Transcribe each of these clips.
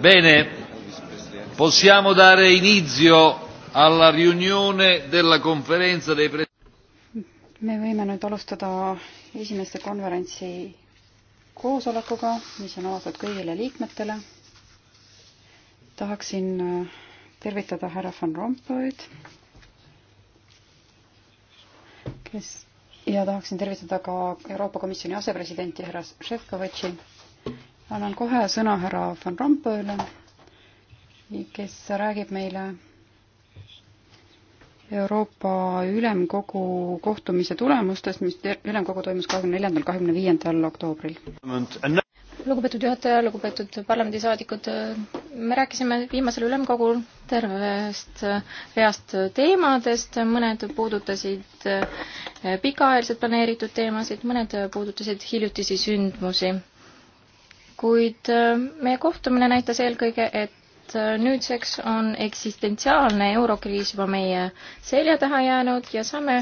Bene, possiamo dare inizio alla riunione della conferenza dei presidenti. me võime nüüd alustada esimeste konverentsi koosolekuga, mis on avatud kõigile liikmetele. tahaksin äh, tervitada härra Van Rompuyd, kes ja tahaksin tervitada ka Euroopa Komisjoni asepresidenti härra Šefkovitši annan kohe sõna härra Van Rompuy'le, kes räägib meile Euroopa Ülemkogu kohtumise tulemustest, mis ülemkogu toimus kahekümne neljandal, kahekümne viiendal oktoobril. lugupeetud juhataja, lugupeetud parlamendisaadikud, me rääkisime viimasel ülemkogul tervest reast teemadest, mõned puudutasid pikaajaliselt planeeritud teemasid, mõned puudutasid hiljutisi sündmusi kuid äh, meie kohtumine näitas eelkõige, et äh, nüüdseks on eksistentsiaalne eurokriis juba meie selja taha jäänud ja saame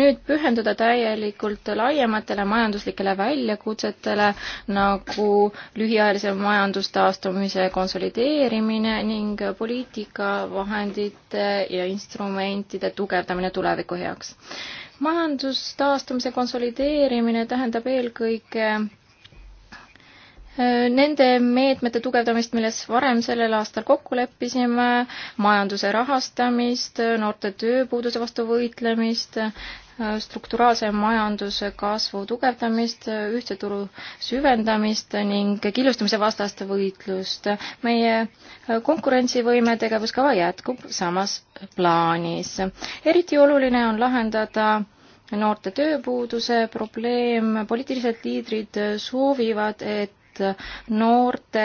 nüüd pühenduda täielikult laiematele majanduslikele väljakutsetele, nagu lühiajalise majandustaastumise konsolideerimine ning poliitikavahendite ja instrumentide tugevdamine tuleviku heaks majandustaastumise konsolideerimine tähendab eelkõige Äh, nende meetmete tugevdamist, milles varem sellel aastal kokku leppisime, majanduse rahastamist, noorte tööpuuduse vastu võitlemist, äh, strukturaalse majanduse kasvu tugevdamist, ühtse turu süvendamist ning killustamise vastast võitlust. meie äh, konkurentsivõime tegevuskava jätkub samas plaanis. eriti oluline on lahendada noorte tööpuuduse probleem, poliitilised liidrid soovivad, et et noorte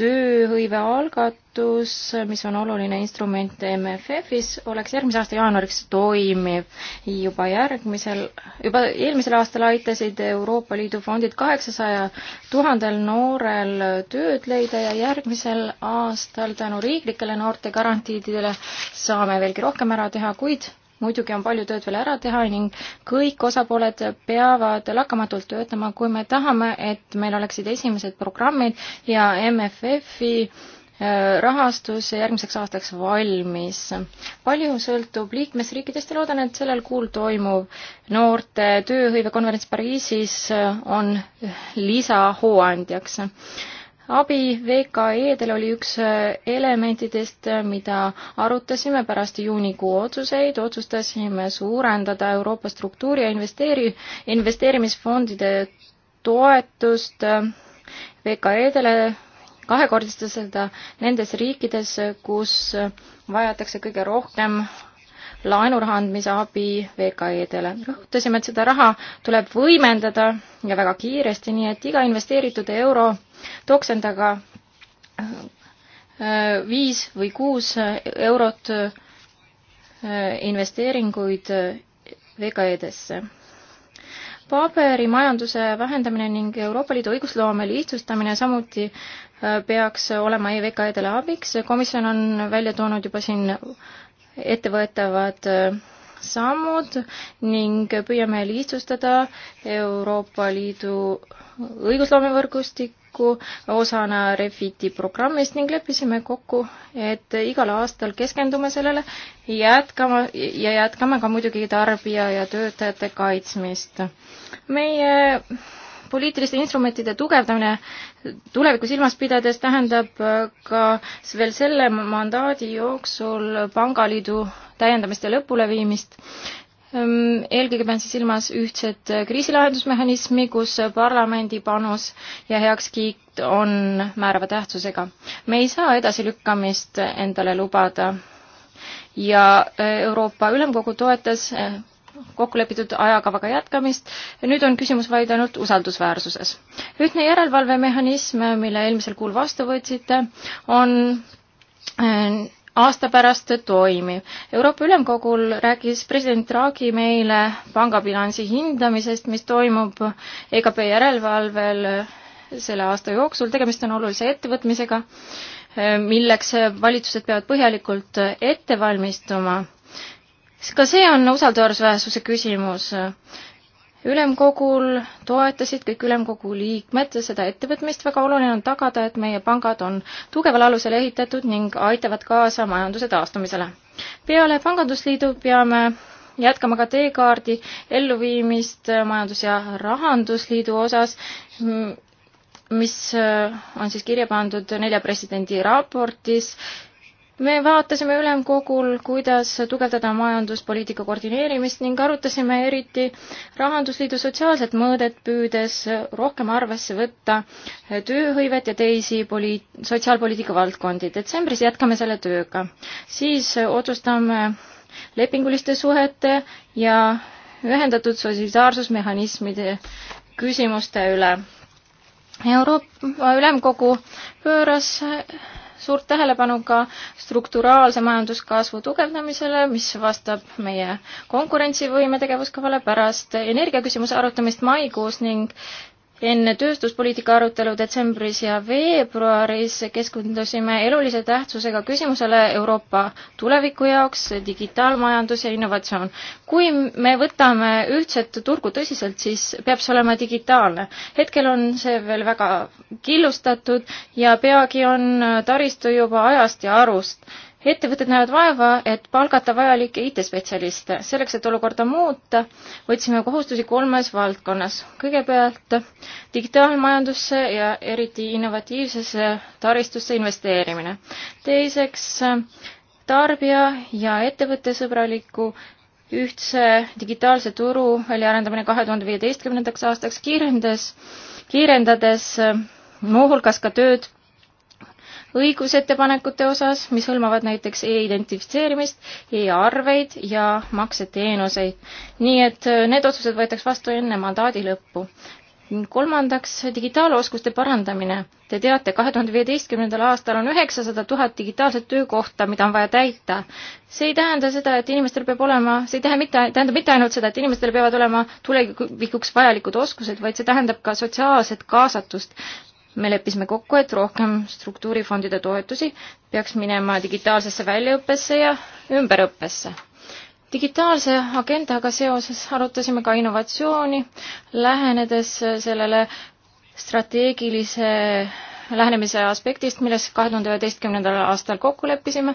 tööhõive algatus, mis on oluline instrument MFF-is, oleks järgmise aasta jaanuariks toimiv. juba järgmisel, juba eelmisel aastal aitasid Euroopa Liidu fondid kaheksasaja tuhandel noorel tööd leida ja järgmisel aastal tänu riiklikele noortegarantiididele saame veelgi rohkem ära teha, kuid muidugi on palju tööd veel ära teha ning kõik osapooled peavad lakkamatult töötama, kui me tahame, et meil oleksid esimesed programmid ja MFF-i äh, rahastus järgmiseks aastaks valmis. palju sõltub liikmesriikidest ja loodan, et sellel kuul toimuv noorte tööhõivekonverents Pariisis on lisahooandjaks abi VKE-del oli üks äh, elementidest, äh, mida arutasime pärast juunikuu otsuseid, otsustasime suurendada Euroopa struktuuri ja investeeri-, investeerimisfondide toetust äh, VKE-dele kahekordistada seda nendes riikides, kus vajatakse kõige rohkem laenuraha andmise abi VKE-dele. rõhutasime, et seda raha tuleb võimendada ja väga kiiresti, nii et iga investeeritud euro tooks endaga äh, viis või kuus äh, eurot äh, investeeringuid VKE-desse. paberimajanduse vähendamine ning Euroopa Liidu õigusloome lihtsustamine samuti peaks olema e-VKE-dele abiks. komisjon on välja toonud juba siin ettevõetavad sammud ning püüame lihtsustada Euroopa Liidu õigusloomevõrgustik, kokku osana Refiti programmist ning leppisime kokku, et igal aastal keskendume sellele, jätkama ja jätkame ka muidugi tarbija ja töötajate kaitsmist. meie poliitiliste instrumentide tugevdamine tulevikku silmas pidades tähendab ka veel selle mandaadi jooksul Pangaliidu täiendamist ja lõpuleviimist Ehm, eelkõige pean siis silmas ühtset kriisilahendusmehhanismi, kus parlamendi panus ja heakskiit on määrava tähtsusega. me ei saa edasilükkamist endale lubada ja e, Euroopa Ülemkogu toetas e, kokkulepitud ajakavaga jätkamist. nüüd on küsimus vaid ainult usaldusväärsuses. ühtne järelevalvemehhanism, mille eelmisel kuul vastu võtsite, on e, aasta pärast toimiv. Euroopa Ülemkogul rääkis president Draghi meile pangabilansi hindamisest, mis toimub EKP järelevalvel selle aasta jooksul, tegemist on olulise ettevõtmisega, milleks valitsused peavad põhjalikult ette valmistuma. ka see on usaldusväärsuse küsimus ülemkogul toetasid kõik ülemkogu liikmed seda ettevõtmist, väga oluline on tagada, et meie pangad on tugeval alusel ehitatud ning aitavad kaasa majanduse taastumisele. peale Pangandusliidu peame jätkama ka teekaardi elluviimist Majandus- ja Rahandusliidu osas, mis äh, on siis kirja pandud nelja presidendi raportis me vaatasime ülemkogul, kuidas tugevdada majanduspoliitika koordineerimist ning arutasime eriti Rahandusliidu sotsiaalset mõõdet, püüdes rohkem arvesse võtta tööhõivet ja teisi poliit-, sotsiaalpoliitika valdkondi. detsembris jätkame selle tööga. siis otsustame lepinguliste suhete ja ühendatud solidaarsusmehhanismide küsimuste üle. Euroopa Ülemkogu pööras suurt tähelepanu ka strukturaalse majanduskasvu tugevdamisele, mis vastab meie konkurentsivõime tegevuskavale pärast energiaküsimuse arutamist maikuus ning enne tööstuspoliitika arutelu detsembris ja veebruaris keskendusime elulise tähtsusega küsimusele Euroopa tuleviku jaoks, digitaalmajandus ja innovatsioon. kui me võtame ühtset turgu tõsiselt, siis peab see olema digitaalne. hetkel on see veel väga killustatud ja peagi on taristu juba ajast ja arust ettevõtted näevad vaeva, et palgata vajalikke IT-spetsialiste. selleks, et olukorda muuta, võtsime kohustusi kolmes valdkonnas. kõigepealt digitaalmajandusse ja eriti innovatiivsesse taristusse investeerimine. teiseks tarbija ja ettevõttesõbraliku ühtse digitaalse turu väljaarendamine kahe tuhande viieteistkümnendaks aastaks kiirendas, kiirendades äh, muuhulgas ka tööd õigusettepanekute osas, mis hõlmavad näiteks e-identifitseerimist e, e-arveid ja makseteenuseid. nii et äh, need otsused võetakse vastu enne mandaadi lõppu. kolmandaks, digitaaloskuste parandamine. Te teate, kahe tuhande viieteistkümnendal aastal on üheksasada tuhat digitaalset töökohta, mida on vaja täita. see ei tähenda seda, et inimestel peab olema, see ei tähenda mitte, tähendab mitte ainult seda, et inimestel peavad olema tulevikuks vajalikud oskused, vaid see tähendab ka sotsiaalset kaasatust me leppisime kokku, et rohkem struktuurifondide toetusi peaks minema digitaalsesse väljaõppesse ja ümberõppesse. digitaalse agendaga seoses arutasime ka innovatsiooni, lähenedes sellele strateegilise lähenemise aspektist, milles kahe tuhande üheteistkümnendal aastal kokku leppisime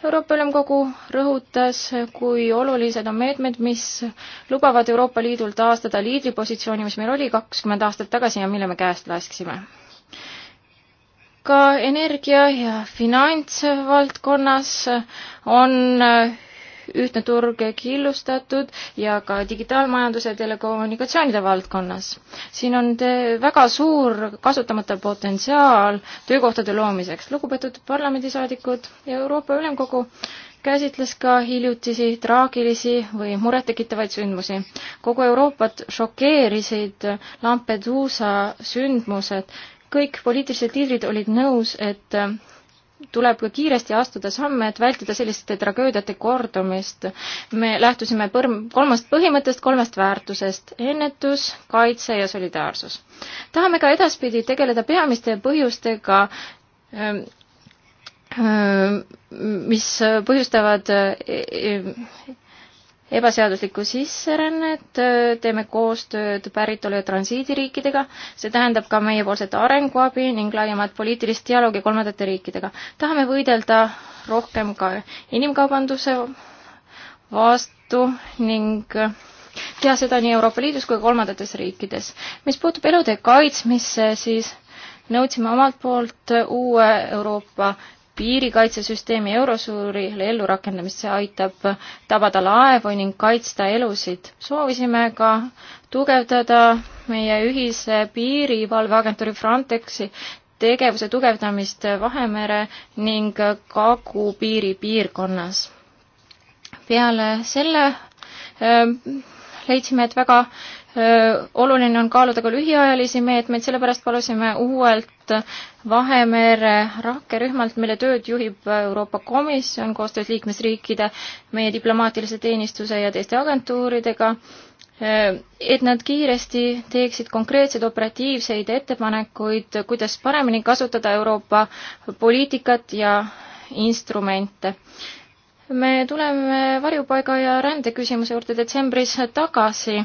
Euroopa Ülemkogu rõhutas, kui olulised on meetmed, mis lubavad Euroopa Liidul taastada liidripositsiooni, mis meil oli kakskümmend aastat tagasi ja mille me käest lasksime. ka energia ja finantsvaldkonnas on ühtne turg killustatud ja ka digitaalmajanduse ja telekommunikatsioonide valdkonnas. siin on väga suur kasutamata potentsiaal töökohtade loomiseks. lugupeetud parlamendisaadikud ja Euroopa Ülemkogu käsitles ka hiljutisi traagilisi või murettekitavaid sündmusi. kogu Euroopat šokeerisid Lampeduusa sündmused. kõik poliitilised liidrid olid nõus, et tuleb kiiresti astuda samme, et vältida selliste tragöödiate kordumist. me lähtusime põrm-, kolmest põhimõttest, kolmest väärtusest, ennetus, kaitse ja solidaarsus. tahame ka edaspidi tegeleda peamiste põhjustega, ähm, ähm, mis põhjustavad äh, äh, ebaseaduslikku sisserännet, äh, teeme koostööd päritolu- ja transiidiriikidega, see tähendab ka meiepoolset arenguabi ning laiemat poliitilist dialoogi kolmandate riikidega. tahame võidelda rohkem ka inimkaubanduse vastu ning äh, teha seda nii Euroopa Liidus kui kolmandates riikides. mis puutub elude kaitsmisse, siis nõudsime omalt poolt äh, uue Euroopa piirikaitsesüsteemi eurosuurile ellurakendamist, see aitab tabada laevu ning kaitsta elusid. soovisime ka tugevdada meie ühise piirivalveagentuuri Frontexi tegevuse tugevdamist Vahemere ning Kagu-piiri piirkonnas. peale selle öö, äh, leidsime, et väga oluline on kaaluda ka lühiajalisi meetmeid, sellepärast palusime uuelt Vahemere rakkerühmalt, mille tööd juhib Euroopa Komisjon koostöös liikmesriikide, meie diplomaatilise teenistuse ja teiste agentuuridega, et nad kiiresti teeksid konkreetseid operatiivseid ettepanekuid, kuidas paremini kasutada Euroopa poliitikat ja instrumente me tuleme varjupaiga ja rändeküsimuse juurde detsembris tagasi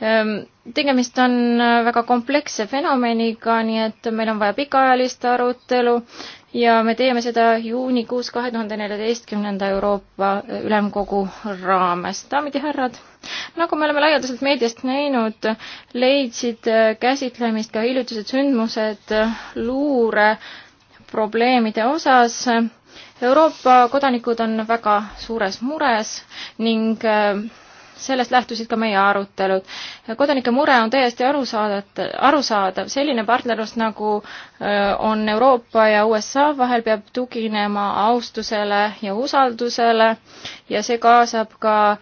Ehm, tegemist on äh, väga kompleksse fenomeniga, nii et meil on vaja pikaajalist arutelu ja me teeme seda juunikuus kahe tuhande neljateistkümnenda Euroopa äh, Ülemkogu raames. daamid ja härrad, nagu me oleme laialdaselt meediast näinud, leidsid äh, käsitlemist ka hiljutised sündmused luure probleemide osas Euroopa kodanikud on väga suures mures ning sellest lähtusid ka meie arutelud. kodanike mure on täiesti arusaadav, arusaadav, selline partnerlus, nagu on Euroopa ja USA vahel, peab tuginema austusele ja usaldusele ja see kaasab ka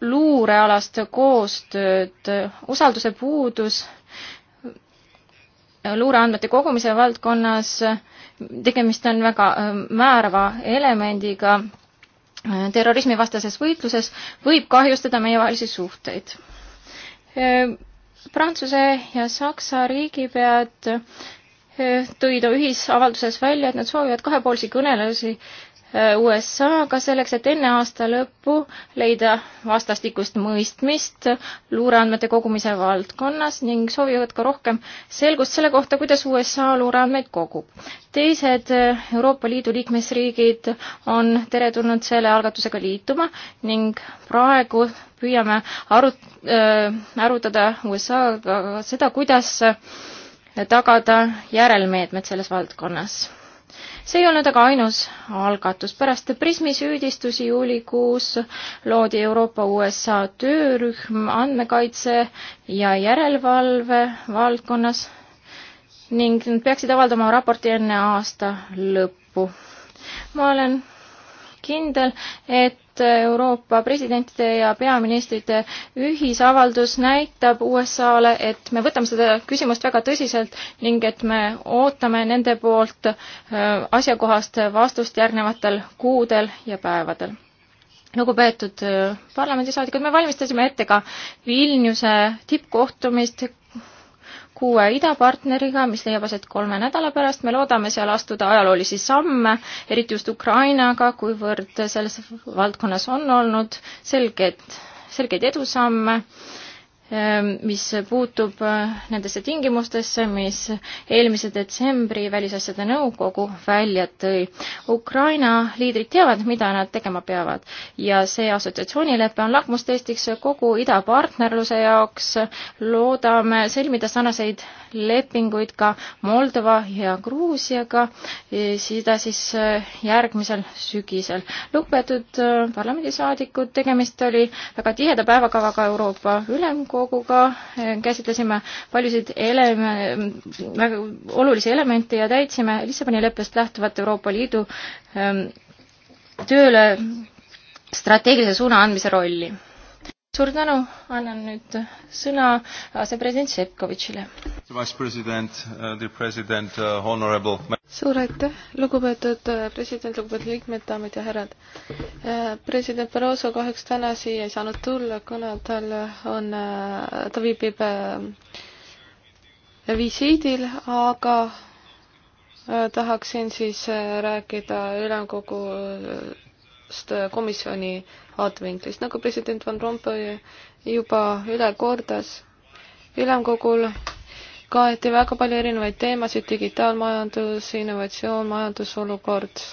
luurealast koostööd, usalduse puudus luureandmete kogumise valdkonnas, tegemist on väga määrava elemendiga terrorismivastases võitluses võib kahjustada meievahelisi suhteid. Prantsuse ja Saksa riigipead tõid ühisavalduses välja, et nad soovivad kahepoolsi kõnelusi Äh, USA-ga selleks, et enne aasta lõppu leida vastastikust mõistmist luureandmete kogumise valdkonnas ning soovivad ka rohkem selgust selle kohta, kuidas USA luureandmeid kogub. teised äh, Euroopa Liidu liikmesriigid on teretulnud selle algatusega liituma ning praegu püüame arut-, äh, arutada USA-ga seda, kuidas tagada järelmeetmed selles valdkonnas see ei olnud aga ainus algatus. pärast Prismi süüdistusi juulikuus loodi Euroopa-USA töörühm andmekaitse ja järelevalve valdkonnas ning nad peaksid avaldama raporti enne aasta lõppu. ma olen kindel, et et Euroopa presidentide ja peaministrite ühisavaldus näitab USA-le, et me võtame seda küsimust väga tõsiselt ning et me ootame nende poolt äh, asjakohast vastust järgnevatel kuudel ja päevadel lugupeetud äh, parlamendisaadikud, me valmistasime ette ka Vilniuse tippkohtumist kuue idapartneriga, mis leiab aset kolme nädala pärast. me loodame seal astuda ajaloolisi samme, eriti just Ukrainaga, kuivõrd selles valdkonnas on olnud selged, selgeid edusamme Ähm, mis puutub äh, nendesse tingimustesse, mis eelmise detsembri Välisasjade Nõukogu välja tõi. Ukraina liidrid teavad, mida nad tegema peavad ja see assotsiatsioonilepe on lakmustestiks kogu idapartnerluse jaoks. loodame sõlmida sarnaseid lepinguid ka Moldova ja Gruusiaga, e, seda siis e, järgmisel sügisel. lugupeetud e, parlamendisaadikud, tegemist oli väga tiheda päevakavaga Euroopa Ülemkogu nõukoguga, eh, käsitlesime paljusid eleme-, väga olulisi elemente ja täitsime Lissaboni leppest lähtuvat Euroopa Liidu ehm, tööle strateegilise suuna andmise rolli suur tänu, annan nüüd sõna asepresident Šepkovitšile. Uh, uh, suur aitäh, lugupeetud uh, president, lugupeetud liikmed, daamid ja härrad. president Barroso kahjuks täna siia ei saanud tulla, kuna tal on, ta viibib visiidil, aga tahaksin siis rääkida ülemkogu just äh, komisjoni vaatevinklist, nagu president Van Rompuy juba üle kordas, ülemkogul kaeti väga palju erinevaid teemasid, digitaalmajandus, innovatsioon, majandusolukord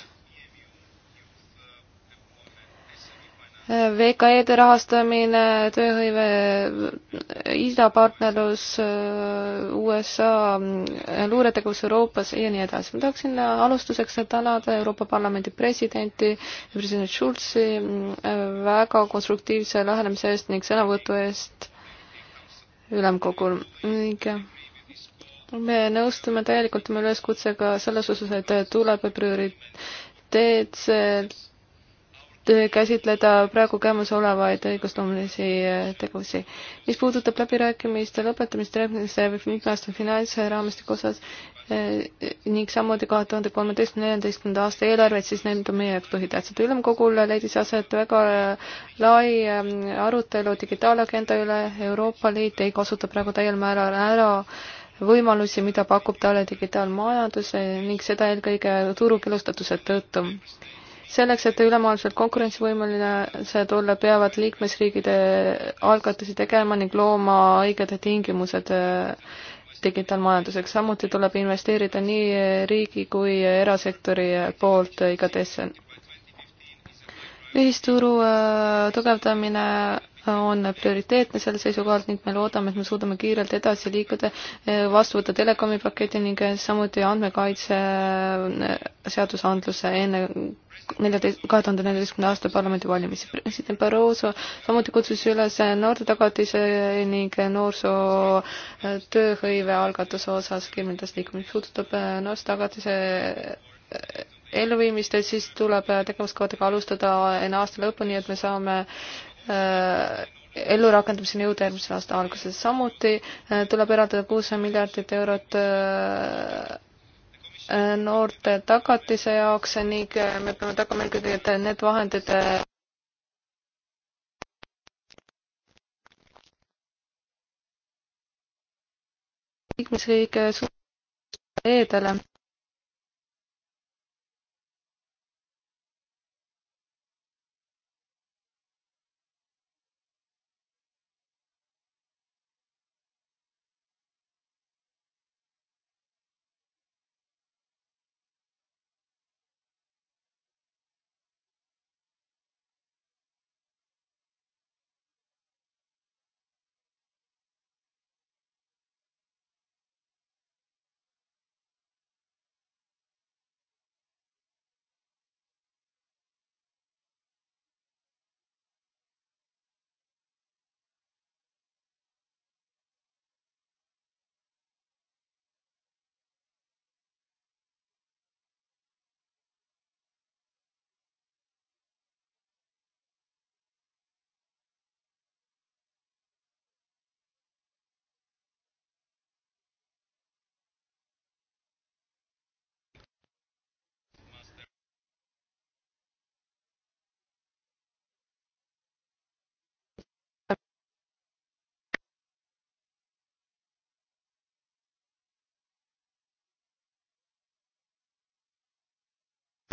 VKE-de rahastamine, tööhõive, idapartnerlus, USA, luuretegevus Euroopas ja nii edasi. ma tahaksin alustuseks tänada Euroopa Parlamendi presidenti, president Schulzi väga konstruktiivse lähenemise eest ning sõnavõtu eest ülemkogul ning me nõustume täielikult tema üleskutsega selles osas, et tuleb prioriteetselt käsitleda praegu käimasolevaid õigusloomulisi äh, tegevusi. mis puudutab läbirääkimiste lõpetamist järgmise mitmeaasta finantsraamistiku osas eh, ning samuti kahe tuhande kolmeteistkümne, neljateistkümnenda aasta eelarvet, siis need on meie jaoks põhitähtsad. ülemkogul leidis aset väga äh, lai arutelu digitaalagenda üle, Euroopa Liit ei kasuta praegu täiel määral ära võimalusi, mida pakub talle digitaalmajandus ning seda eelkõige turu killustatuse tõttu selleks, et ülemaailmselt konkurentsivõimelised olla, peavad liikmesriigid algatusi tegema ning looma õiged tingimused äh, digitaalmajanduseks, samuti tuleb investeerida nii riigi kui erasektori poolt IKT-sse. ühisturu äh, tugevdamine on prioriteetne selle seisukohalt ning me loodame, et me suudame kiirelt edasi liikuda, äh, vastu võtta telekomi paketi ning samuti andmekaitse seadusandluse enne neljateist, kahe tuhande neljateistkümne aasta parlamendivalimisi. president Barroso samuti kutsus üles noorte tagatise ning noorsoo äh, tööhõive algatuse osas kindlates liikumine. mis puudutab äh, noorte tagatise äh, elluviimist, siis tuleb tegevuskavadega alustada enne aasta lõppu, nii et me saame ellurakendamiseni jõuda järgmise aasta alguses. samuti tuleb eraldada kuus miljardit eurot noorte tagatise jaoks ning me peame tagama ikkagi, et need vahendid liikmesriike suhtele.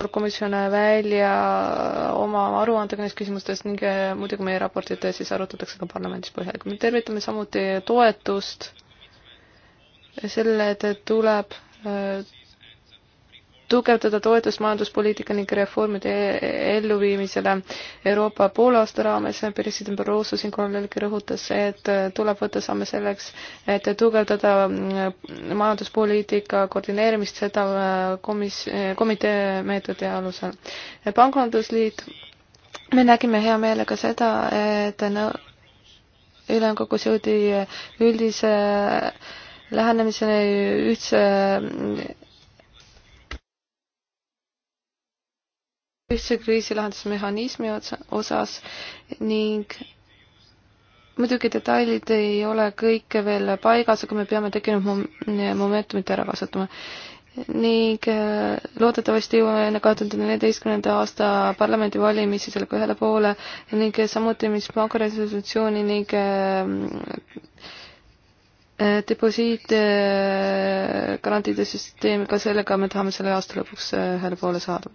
tuleb komisjon välja oma aruandega neis küsimustes ning eh, muidugi meie raportit eh, siis arutatakse ka parlamendis põhjalikult. me tervitame samuti toetust sellele, et tuleb eh, tugevdada toetust majanduspoliitika ning reformide elluviimisele Euroopa poolaasta raames. president Barroso siinkohal jällegi rõhutas, et tuleb võtta samme selleks, et tugevdada majanduspoliitika koordineerimist, seda äh, komis-, komitee meetodi alusel. pangandusliit, me nägime hea meelega seda, et nõu-, ülemkogus jõudi üldise lähenemisele ühtse ühtse kriisilahendusmehhanismi osas ning muidugi detailid ei ole kõik veel paigas, aga me peame tekkinud mom-, momentumit ära kasutama. ning äh, loodetavasti jõuame enne kahe tuhande neljateistkümnenda aasta parlamendivalimisi sellega ühele poole ning samuti, mis pangaresolutsiooni ning äh, äh, deposiit garantiide süsteemi, ka sellega me tahame selle aasta lõpuks ühele poole saada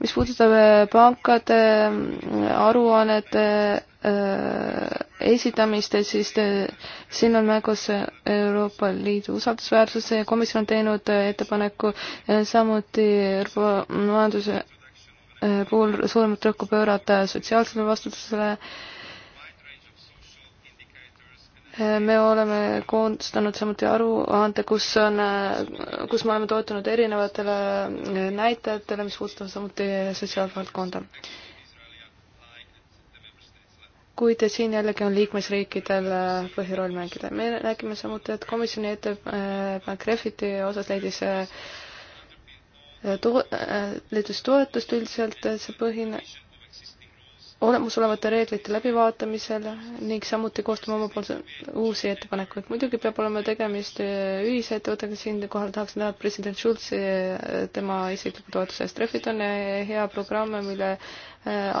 mis puudutab äh, pankade äh, aruannete äh, esitamist, siis te, siin on mängus Euroopa Liidu usaldusväärsus ja komisjon on teinud ettepaneku samuti Euroopa majanduse puhul suuremat rõhku pöörata sotsiaalsele vastutusele äh, me oleme koondanud samuti aruande, kus on, kus me oleme toetunud erinevatele näitajatele, mis puudutavad samuti sotsiaalvaldkonda. kuid siin jällegi on liikmesriikidel äh, põhiroll mängida. me räägime samuti, et komisjoni ettepanek äh, Refiti osas leidis äh, to-, leidis toetust üldiselt, see põhine olemasolevate reeglite läbivaatamisel ning samuti koostame omapoolse uusi ettepanekuid. muidugi peab olema tegemist e, ühise ettevõttega, siinkohal tahaks näha president Schulzi e, tema isikliku toetuse eest. Refit on e, hea programm, mille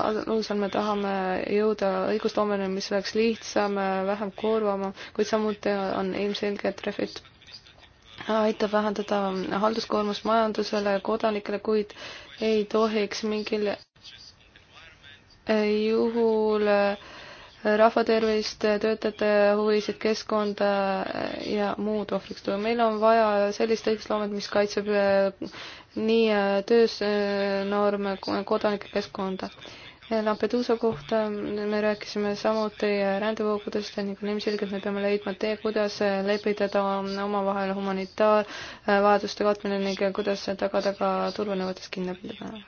alusel me tahame jõuda õigusloomeni, mis oleks lihtsam, vähem koormama, kuid samuti on ilmselge, et Refit aitab vähendada halduskoormust majandusele, kodanikele, kuid ei tohiks mingil juhul äh, rahvatervist, töötajate huvisid, keskkonda äh, ja muud ohvriks tuua. meil on vaja sellist õigusloomet, mis kaitseb äh, nii töösnorme, kodanike keskkonda. Lampeduusa kohta me rääkisime samuti rändevoogudest ning on ilmselgelt, me peame leidma tee, kuidas lepitada omavahel humanitaarvajaduste katmine ning kuidas tagada ka turvanõuetes kinnipidamine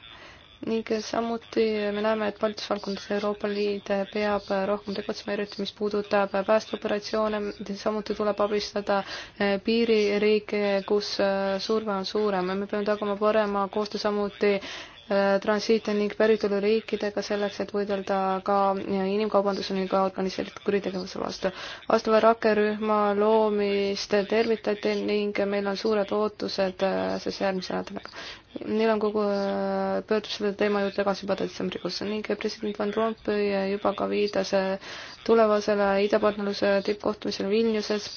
ning samuti me näeme, et Balti valdkondades Euroopa Liit peab rohkem tegutsema, eriti mis puudutab päästeoperatsioone, samuti tuleb abistada piiririike, kus surve on suurem. me peame tagama parema koostöö samuti Äh, transiite ning päritoluriikidega selleks, et võidelda ka äh, inimkaubanduse ning organiseeritud kuritegevuse vastu. vastava rakkerühma loomist tervitati ning meil on suured ootused äh, siis järgmise nädalaga. Neil on kogu, pöördub selle teema juurde tagasi juba detsembrikuus ning president Van Rompuy juba ka viitas tulevasele idapartnerluse tippkohtumisele Vilniuses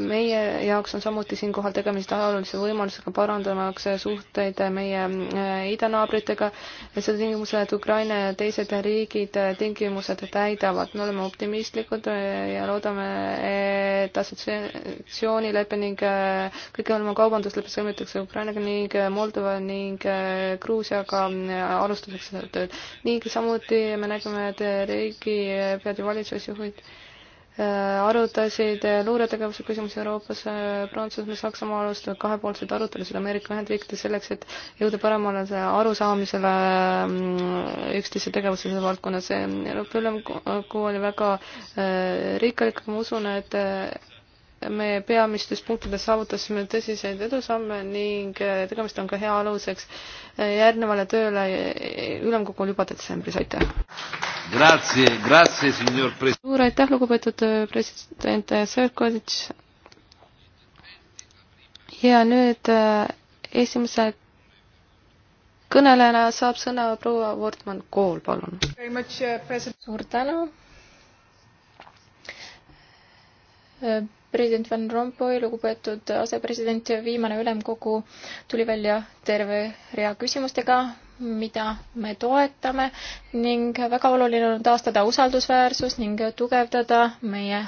meie jaoks on samuti siinkohal tegemist ajaloolise võimalusega parandamaks suhteid meie äh, idanaabritega, seda tingimusel, et Ukraina ja teised riigid äh, tingimused täidavad. me oleme optimistlikud äh, ja loodame, et assotsiatsioonilepe ning kõige olema kaubanduslepe sõlmitakse Ukrainaga ning Moldova ning Gruusiaga alustuseks seda tööd. ning samuti me nägime, et riigi pead ja valitsusjuhid Äh, arutasid äh, luuretegevuse küsimusi Euroopas, äh, Prantsusmaa, Saksamaa alustavad kahepoolseid arutelusid Ameerika Ühendriikides selleks, et jõuda paremale arusaamisele üksteise tegevuse selles valdkonnas. Euroopa Ülemkogu oli väga rikkalik, ma usun, et me peamistes punktides saavutasime tõsiseid edusamme ning tegemist on ka hea aluseks äh, järgnevale tööle ülemkogul juba detsembris, aitäh! suur aitäh, lugupeetud äh, president Sõrkovitš! ja nüüd äh, esimese kõnelejana saab sõna proua Wortmann Kool, palun. Äh, suur tänu president Van Rompuy, lugupeetud asepresident, viimane ülemkogu tuli välja terve rea küsimustega, mida me toetame ning väga oluline on taastada usaldusväärsus ning tugevdada meie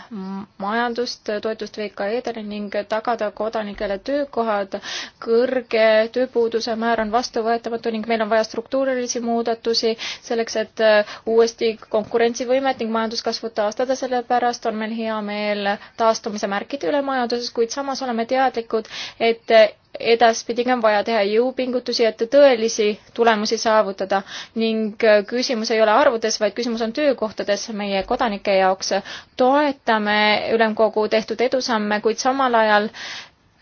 majandust, toetust VKE-dele ning tagada kodanikele töökohad. kõrge tööpuuduse määr on vastuvõetamatu ning meil on vaja struktuurilisi muudatusi selleks, et uuesti konkurentsivõimet ning majanduskasvu taastada, sellepärast on meil hea meel taastumise märkide üle majanduses, kuid samas oleme teadlikud, et edaspidi on vaja teha jõupingutusi, et tõelisi tulemusi saavutada ning äh, küsimus ei ole arvudes, vaid küsimus on töökohtades meie kodanike jaoks. toetame ülemkogu tehtud edusamme, kuid samal ajal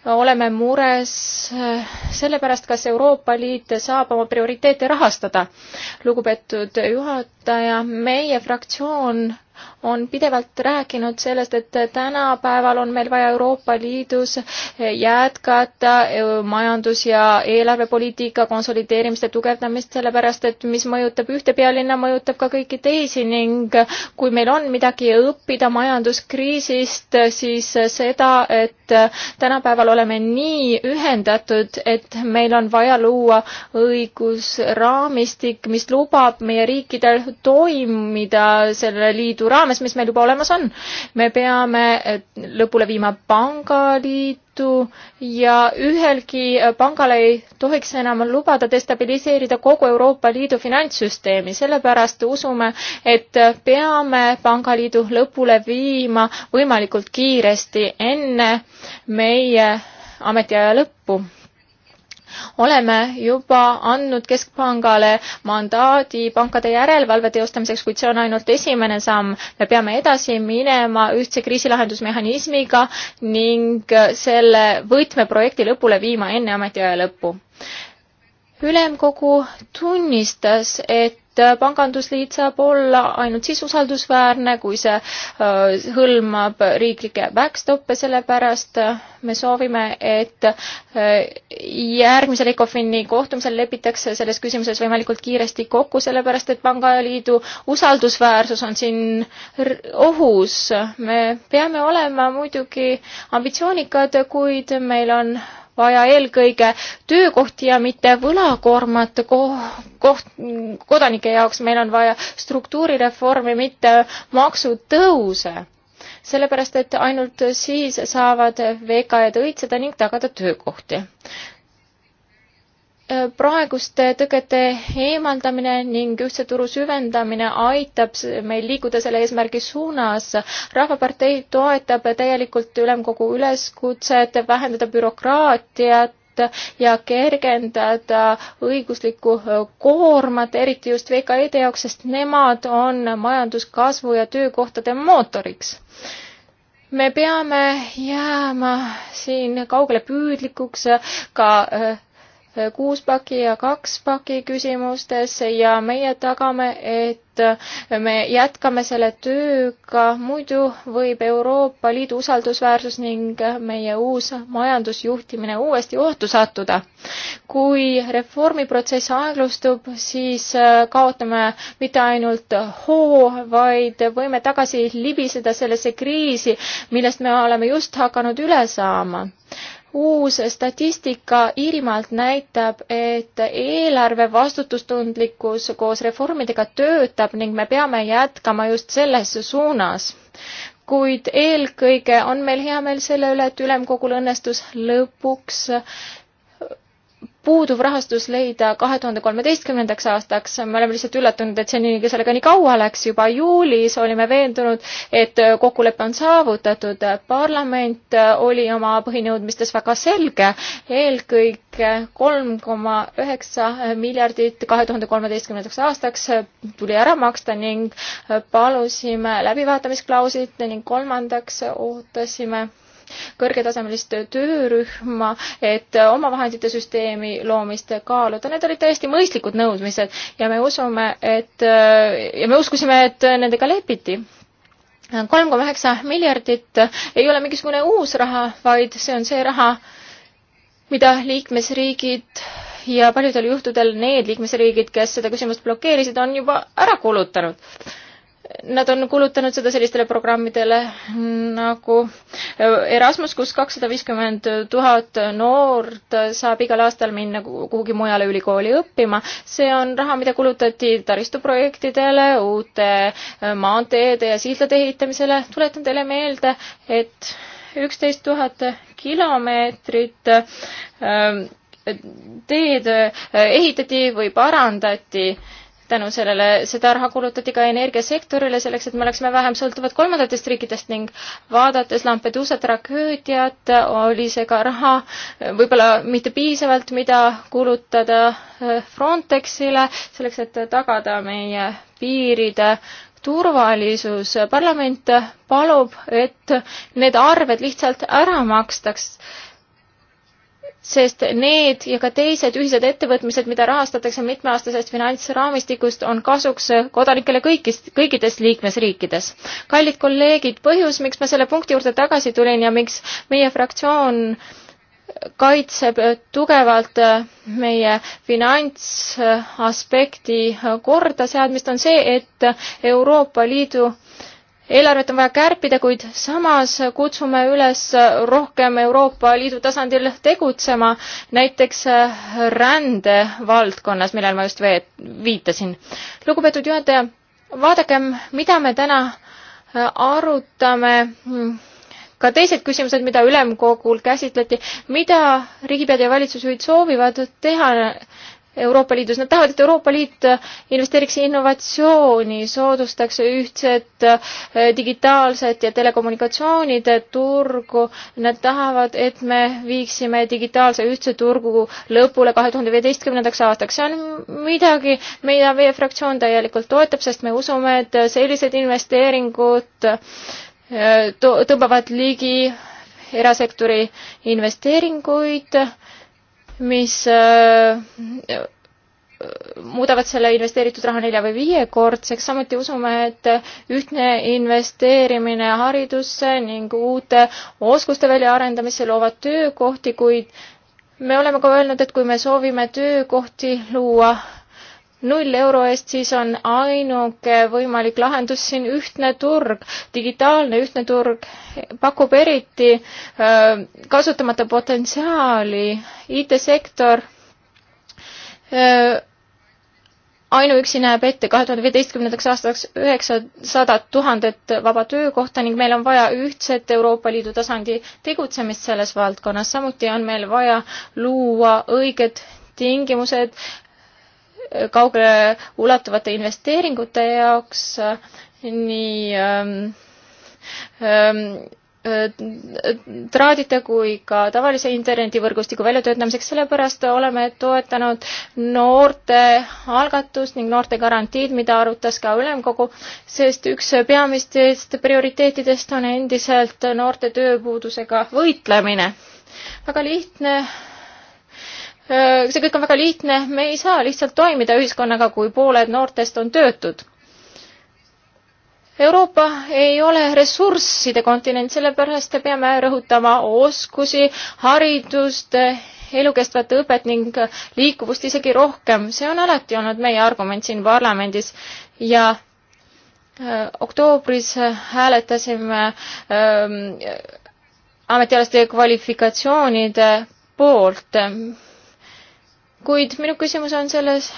oleme mures äh, selle pärast, kas Euroopa Liit saab oma prioriteete rahastada. lugupeetud juhataja, meie fraktsioon on pidevalt rääkinud sellest, et tänapäeval on meil vaja Euroopa Liidus jätkata äh, majandus- ja eelarvepoliitika konsolideerimist ja tugevdamist, sellepärast et mis mõjutab ühte pealinna, mõjutab ka kõiki teisi ning kui meil on midagi õppida majanduskriisist, siis seda, et tänapäeval oleme nii ühendatud, et meil on vaja luua õigusraamistik, mis lubab meie riikidel toimida selle liidu raames, mis meil juba olemas on. me peame eh, lõpule viima pangaliitu ja ühelgi eh, pangal ei tohiks enam lubada destabiliseerida kogu Euroopa Liidu finantssüsteemi, sellepärast usume, et peame pangaliidu lõpule viima võimalikult kiiresti enne meie ametiaja lõppu oleme juba andnud Keskpangale mandaadi pankade järelevalve teostamiseks, kuid see on ainult esimene samm. me peame edasi minema ühtse kriisilahendusmehhanismiga ning selle võtmeprojekti lõpule viima enne ametiaja lõppu ülemkogu tunnistas, et pangandusliit saab olla ainult siis usaldusväärne, kui see äh, hõlmab riiklikke backstop'e, sellepärast äh, me soovime, et äh, järgmisel ECOFIN-i kohtumisel lepitakse selles küsimuses võimalikult kiiresti kokku, sellepärast et pangaliidu usaldusväärsus on siin ohus. me peame olema muidugi ambitsioonikad, kuid meil on vaja eelkõige töökohti ja mitte võlakoormat ko-, koht-, kodanike jaoks, meil on vaja struktuurireformi, mitte maksutõuse. sellepärast, et ainult siis saavad VKE-d õitseda ning tagada töökohti praeguste tõkete eemaldamine ning ühtse turu süvendamine aitab meil liikuda selle eesmärgi suunas. rahvapartei toetab täielikult ülemkogu üleskutset vähendada bürokraatiat ja kergendada õiguslikku koormat, eriti just VKE-de jaoks, sest nemad on majanduskasvu ja töökohtade mootoriks me peame jääma siin kaugele püüdlikuks ka kuus paki ja kaks paki küsimustes ja meie tagame, et me jätkame selle tööga, muidu võib Euroopa Liidu usaldusväärsus ning meie uus majandusjuhtimine uuesti ohtu sattuda. kui reformiprotsess aeglustub, siis äh, kaotame mitte ainult hoo, vaid võime tagasi libiseda sellesse kriisi, millest me oleme just hakanud üle saama uus statistika Iirimaalt näitab, et eelarve vastutustundlikkus koos reformidega töötab ning me peame jätkama just selles suunas. kuid eelkõige on meil hea meel selle üle, et ülemkogul õnnestus lõpuks puuduv rahastus leida kahe tuhande kolmeteistkümnendaks aastaks. me oleme lihtsalt üllatunud, et seni sellega nii kaua läks, juba juulis olime veendunud, et kokkulepe on saavutatud. parlament oli oma põhinõudmistes väga selge, eelkõige kolm koma üheksa miljardit kahe tuhande kolmeteistkümnendaks aastaks tuli ära maksta ning palusime läbivaatamisklauslit ning kolmandaks ootasime kõrgetasemelist töörühma, et omavahendite süsteemi loomist kaaluda. Need olid täiesti mõistlikud nõudmised ja me usume, et ja me uskusime, et nendega lepiti kolm koma üheksa miljardit ei ole mingisugune uus raha, vaid see on see raha, mida liikmesriigid ja paljudel juhtudel need liikmesriigid, kes seda küsimust blokeerisid, on juba ära kulutanud nad on kulutanud seda sellistele programmidele nagu äh, Erasmus, kus kakssada viiskümmend tuhat noort saab igal aastal minna kuhugi mujale ülikooli õppima. see on raha, mida kulutati taristuprojektidele, uute äh, maanteede ja sildade ehitamisele. tuletan teile meelde, et üksteist tuhat kilomeetrit äh, teed ehitati või parandati tänu sellele, seda raha kulutati ka energiasektorile selleks, et me oleksime vähem sõltuvad kolmandatest riikidest ning vaadates Lampedusa tragöödiat, oli see ka raha võib-olla mitte piisavalt, mida kulutada äh, Frontexile selleks, et tagada meie piiride turvalisus, parlament palub, et need arved lihtsalt ära makstaks sest need ja ka teised ühised ettevõtmised, mida rahastatakse mitmeaastasest finantsraamistikust, on kasuks kodanikele kõigis, kõikides liikmesriikides. kallid kolleegid, põhjus, miks ma selle punkti juurde tagasi tulin ja miks meie fraktsioon kaitseb tugevalt meie finantsaspekti kordaseadmist, on see, et Euroopa Liidu eelarvet on vaja kärpida, kuid samas kutsume üles rohkem Euroopa Liidu tasandil tegutsema, näiteks rände valdkonnas, millele ma just viitasin. lugupeetud juhataja, vaadakem, mida me täna äh, arutame ka teised küsimused, mida ülemkogul käsitleti, mida riigipead ja valitsusjuhid soovivad teha Euroopa Liidus, nad tahavad, et Euroopa Liit äh, investeeriks innovatsiooni, soodustaks ühtset äh, digitaalset ja telekommunikatsioonide turgu. Nad tahavad, et me viiksime digitaalse ühtse turgu lõpule kahe tuhande viieteistkümnendaks aastaks. see on midagi, mida meie fraktsioon täielikult toetab, sest me usume, et sellised investeeringud äh, tõmbavad ligi erasektori investeeringuid mis äh, muudavad selle investeeritud raha nelja või viiekordseks, samuti usume, et ühtne investeerimine haridusse ning uute oskuste väljaarendamisse loovad töökohti, kuid me oleme ka öelnud, et kui me soovime töökohti luua, null euro eest, siis on ainuke võimalik lahendus siin ühtne turg. digitaalne ühtne turg pakub eriti äh, kasutamata potentsiaali. IT-sektor äh, ainuüksi näeb ette kahe tuhande viieteistkümnendaks aastaks üheksasadat tuhandet vaba töökohta ning meil on vaja ühtset Euroopa Liidu tasandi tegutsemist selles valdkonnas. samuti on meil vaja luua õiged tingimused kaugele ulatuvate investeeringute jaoks, nii ähm, ähm, äh, traadide kui ka tavalise internetivõrgustiku väljatöötamiseks, sellepärast oleme toetanud noorte algatust ning noorte garantiid, mida arutas ka ülemkogu, sest üks peamistest prioriteetidest on endiselt noorte tööpuudusega võitlemine. väga lihtne Äh, see kõik on väga lihtne, me ei saa lihtsalt toimida ühiskonnaga, kui pooled noortest on töötud. Euroopa ei ole ressursside kontinent, sellepärast peame rõhutama oskusi, haridust, elukestvat õpet ning liikuvust isegi rohkem. see on alati olnud meie argument siin parlamendis ja äh, oktoobris hääletasime äh, ametialaste kvalifikatsioonide poolt kuid minu küsimus on selles,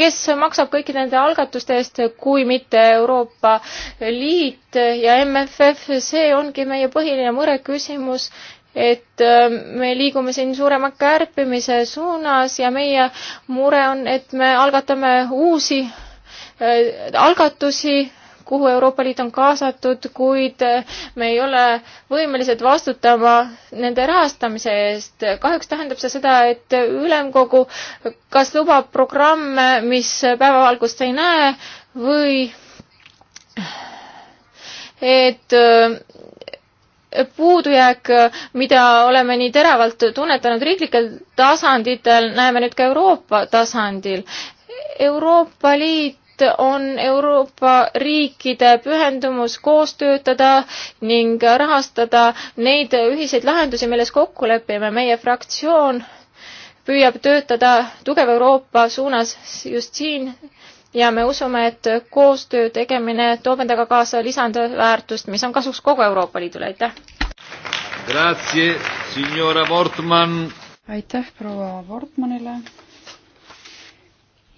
kes maksab kõikide nende algatuste eest, kui mitte Euroopa Liit ja MFF, see ongi meie põhiline mureküsimus, et äh, me liigume siin suurema kärpimise suunas ja meie mure on, et me algatame uusi äh, algatusi kuhu Euroopa Liit on kaasatud, kuid me ei ole võimelised vastutama nende rahastamise eest. kahjuks tähendab see seda, et ülemkogu kas lubab programme, mis päevavalgust ei näe või et äh, puudujääk, mida oleme nii teravalt tunnetanud riiklikel tasanditel, näeme nüüd ka Euroopa tasandil. Euroopa Liit on Euroopa riikide pühendumus koos töötada ning rahastada neid ühiseid lahendusi, milles kokku lepime. meie fraktsioon püüab töötada tugeva Euroopa suunas just siin ja me usume, et koostöö tegemine toob endaga kaasa lisandväärtust, mis on kasuks kogu Euroopa Liidule, aitäh! aitäh proua Wortmannile!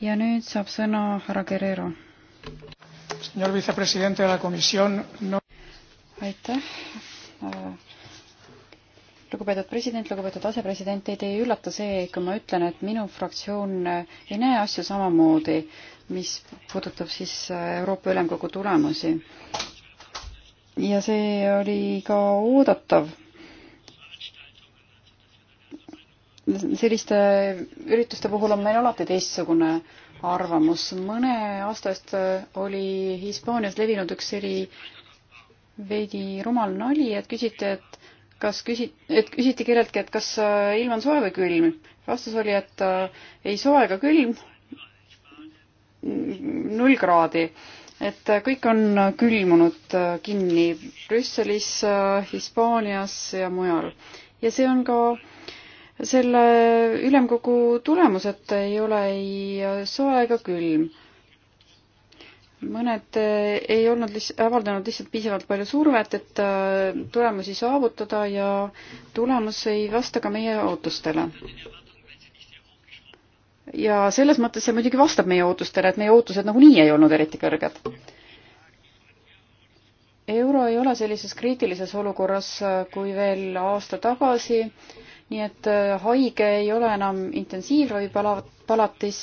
ja nüüd saab sõna härra Guerrero. No... aitäh äh, lugupeetud president, lugupeetud asepresident, teid ei üllata see, kui ma ütlen, et minu fraktsioon äh, ei näe asju samamoodi, mis puudutab siis äh, Euroopa Ülemkogu tulemusi. ja see oli ka oodatav selliste ürituste puhul on meil alati teistsugune arvamus. mõne aasta eest äh, oli Hispaanias levinud üks selline veidi rumal nali, et küsiti, et kas küsi-, et küsiti kelleltki, et kas äh, ilm on soe või külm. vastus oli, et äh, ei soe ega külm, null kraadi. et äh, kõik on äh, külmunud äh, kinni Brüsselis äh,, Hispaanias ja mujal. ja see on ka äh, selle ülemkogu tulemus, et ei ole ei soe ega külm. mõned ei olnud liht-, avaldanud lihtsalt piisavalt palju survet, et äh, tulemusi saavutada ja tulemus ei vasta ka meie ootustele ja selles mõttes see muidugi vastab meie ootustele, et meie ootused nagunii ei olnud eriti kõrged. euro ei ole sellises kriitilises olukorras äh, kui veel aasta tagasi nii et äh, haige ei ole enam intensiivravipalatis,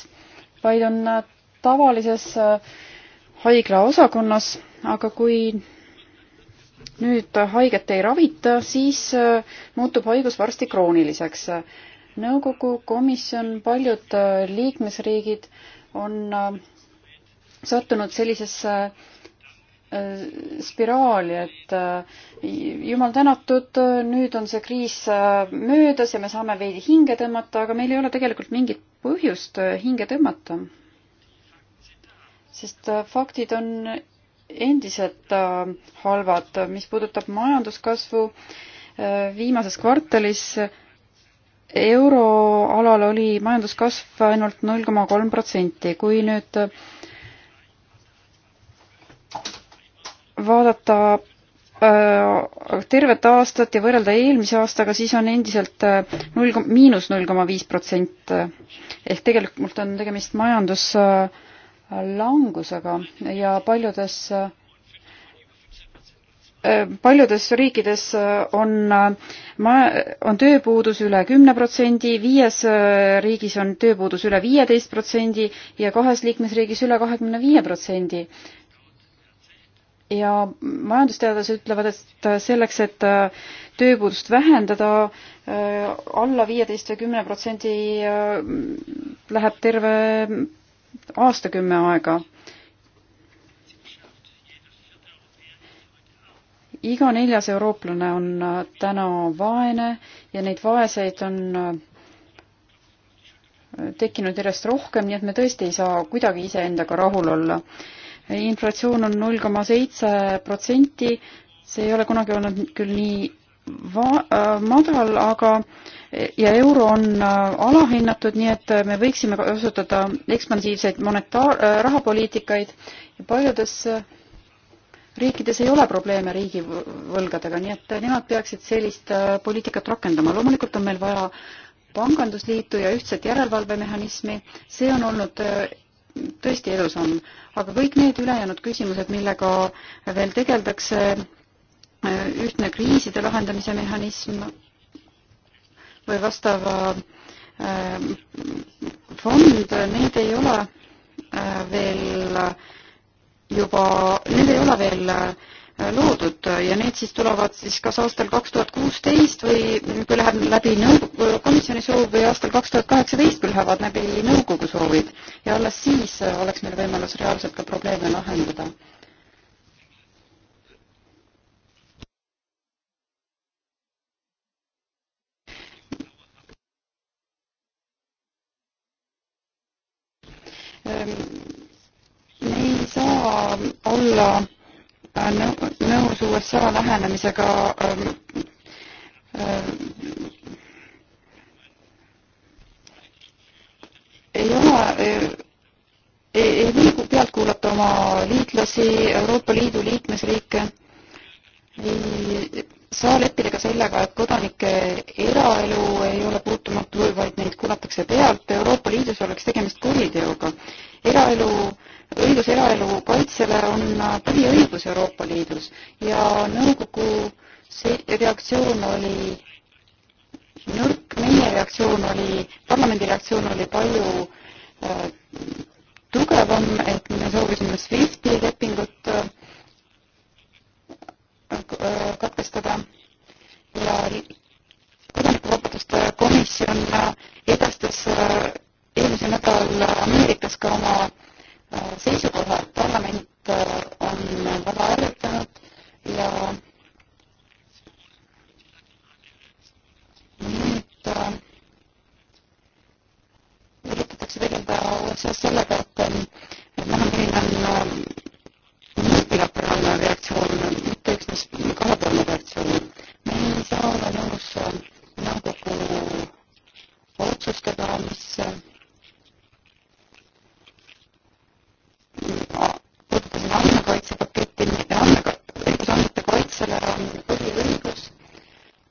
vaid on äh, tavalises äh, haiglaosakonnas, aga kui nüüd haiget ei ravita, siis muutub haigus varsti krooniliseks. nõukogu komisjon, paljud liikmesriigid on sattunud sellisesse Äh, spiraali, et äh, jumal tänatud, nüüd on see kriis äh, möödas ja me saame veidi hinge tõmmata, aga meil ei ole tegelikult mingit põhjust hinge tõmmata. sest faktid on endiselt halvad, mis puudutab majanduskasvu viimases kvartalis euroalal oli majanduskasv ainult null koma kolm protsenti. kui nüüd vaadata äh, tervet aastat ja võrrelda eelmise aastaga, siis on endiselt äh, null, miinus null koma viis protsent. ehk tegelikult on tegemist majanduslangusega ja paljudes äh, paljudes riikides on, on tööpuudus üle kümne protsendi, viies riigis on tööpuudus üle viieteist protsendi ja kahes liikmesriigis üle kahekümne viie protsendi ja majandusteadlased ütlevad, et selleks, et äh, tööpuudust vähendada äh, alla viieteist või kümne protsendi, äh, läheb terve aastakümme aega. iga neljas eurooplane on täna vaene ja neid vaeseid on tekkinud järjest rohkem, nii et me tõesti ei saa kuidagi iseendaga rahul olla inflatsioon on null koma seitse protsenti, see ei ole kunagi olnud küll nii va-, äh, madal, aga ja euro on äh, alahinnatud, nii et äh, me võiksime kasutada ekspansiivseid monetaar-, rahapoliitikaid ja paljudes riikides ei ole probleeme riigivõlgadega, nii et nemad peaksid sellist poliitikat rakendama. loomulikult on meil vaja pangandusliitu ja ühtset järelevalvemehhanismi, see on olnud tõesti edusamm, aga kõik need ülejäänud küsimused, millega veel tegeldakse, ühtne kriiside lahendamise mehhanism või vastav äh, fond, need ei ole äh, veel juba, need ei ole veel äh, Äh, loodud äh, ja need siis tulevad siis kas aastal kaks tuhat kuusteist või kui läheb läbi nõukogu komisjoni soov või aastal kaks tuhat kaheksateist, kui lähevad läbi nõukogu soovid ja alles siis äh, oleks meil võimalus reaalselt ka probleeme lahendada. Ähm, me ei saa olla Äh, nõus USA lähenemisega ähm, äh, ei ole, ei liigu pealt kuulata oma liitlasi, Euroopa Liidu liikmesriike ei saa leppida ka sellega, et kodanike eraelu ei ole puutumatu, vaid neid kuulatakse pealt. Euroopa Liidus oleks tegemist kuriteoga. eraelu, õigus eraelu kaitsele on põhiõigus Euroopa Liidus ja nõukogu see reaktsioon oli nõrk, meie reaktsioon oli, parlamendi reaktsioon oli palju äh, tugevam, et me soovisime SWIFTi lepingut äh, Äh, katkestada ja kodanikuvabaduste komisjon äh, edastas äh, eelmisel nädalal Ameerikas ka oma seisukoha, et parlament on väga harjutanud ja nüüd üritatakse tegeleda USA-s sellega, et näha, milline on kahepoolne reaktsioon, mitte üksnes kahepoolne reaktsioon. me ei saa olla nõus nõukogu otsustega, mis puudutasid andmekaitsepaketti, andmeka-, õigusandmete kaitsele on põhiõigus,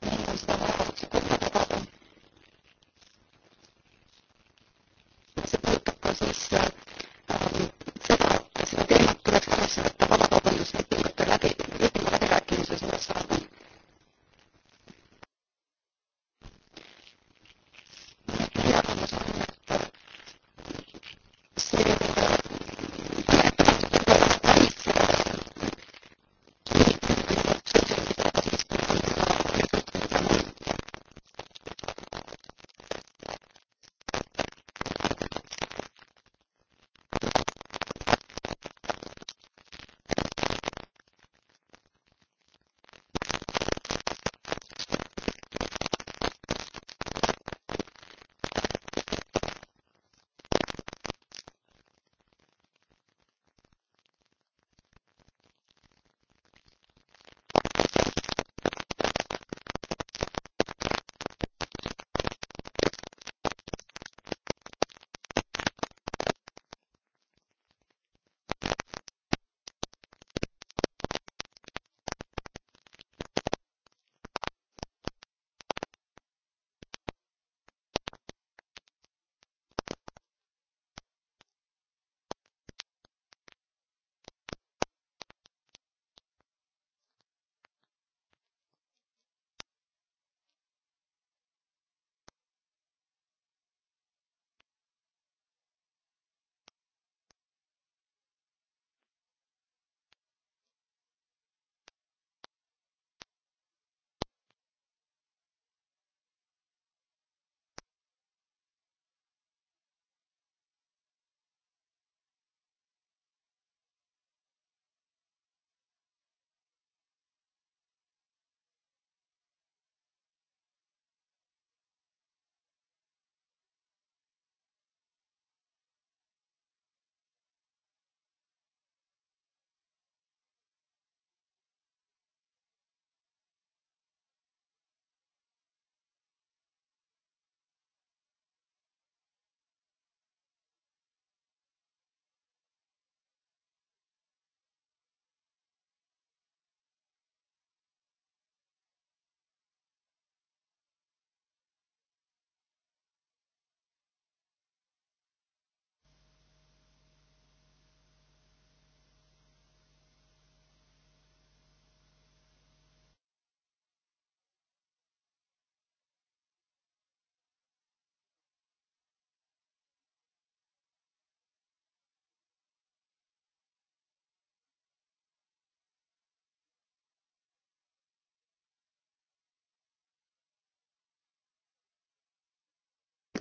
meil on seda vaja otse korda tagada. see puudutab ka siis ülesannet vabakaubanduslepingute läbi, lepingu läbirääkimises USA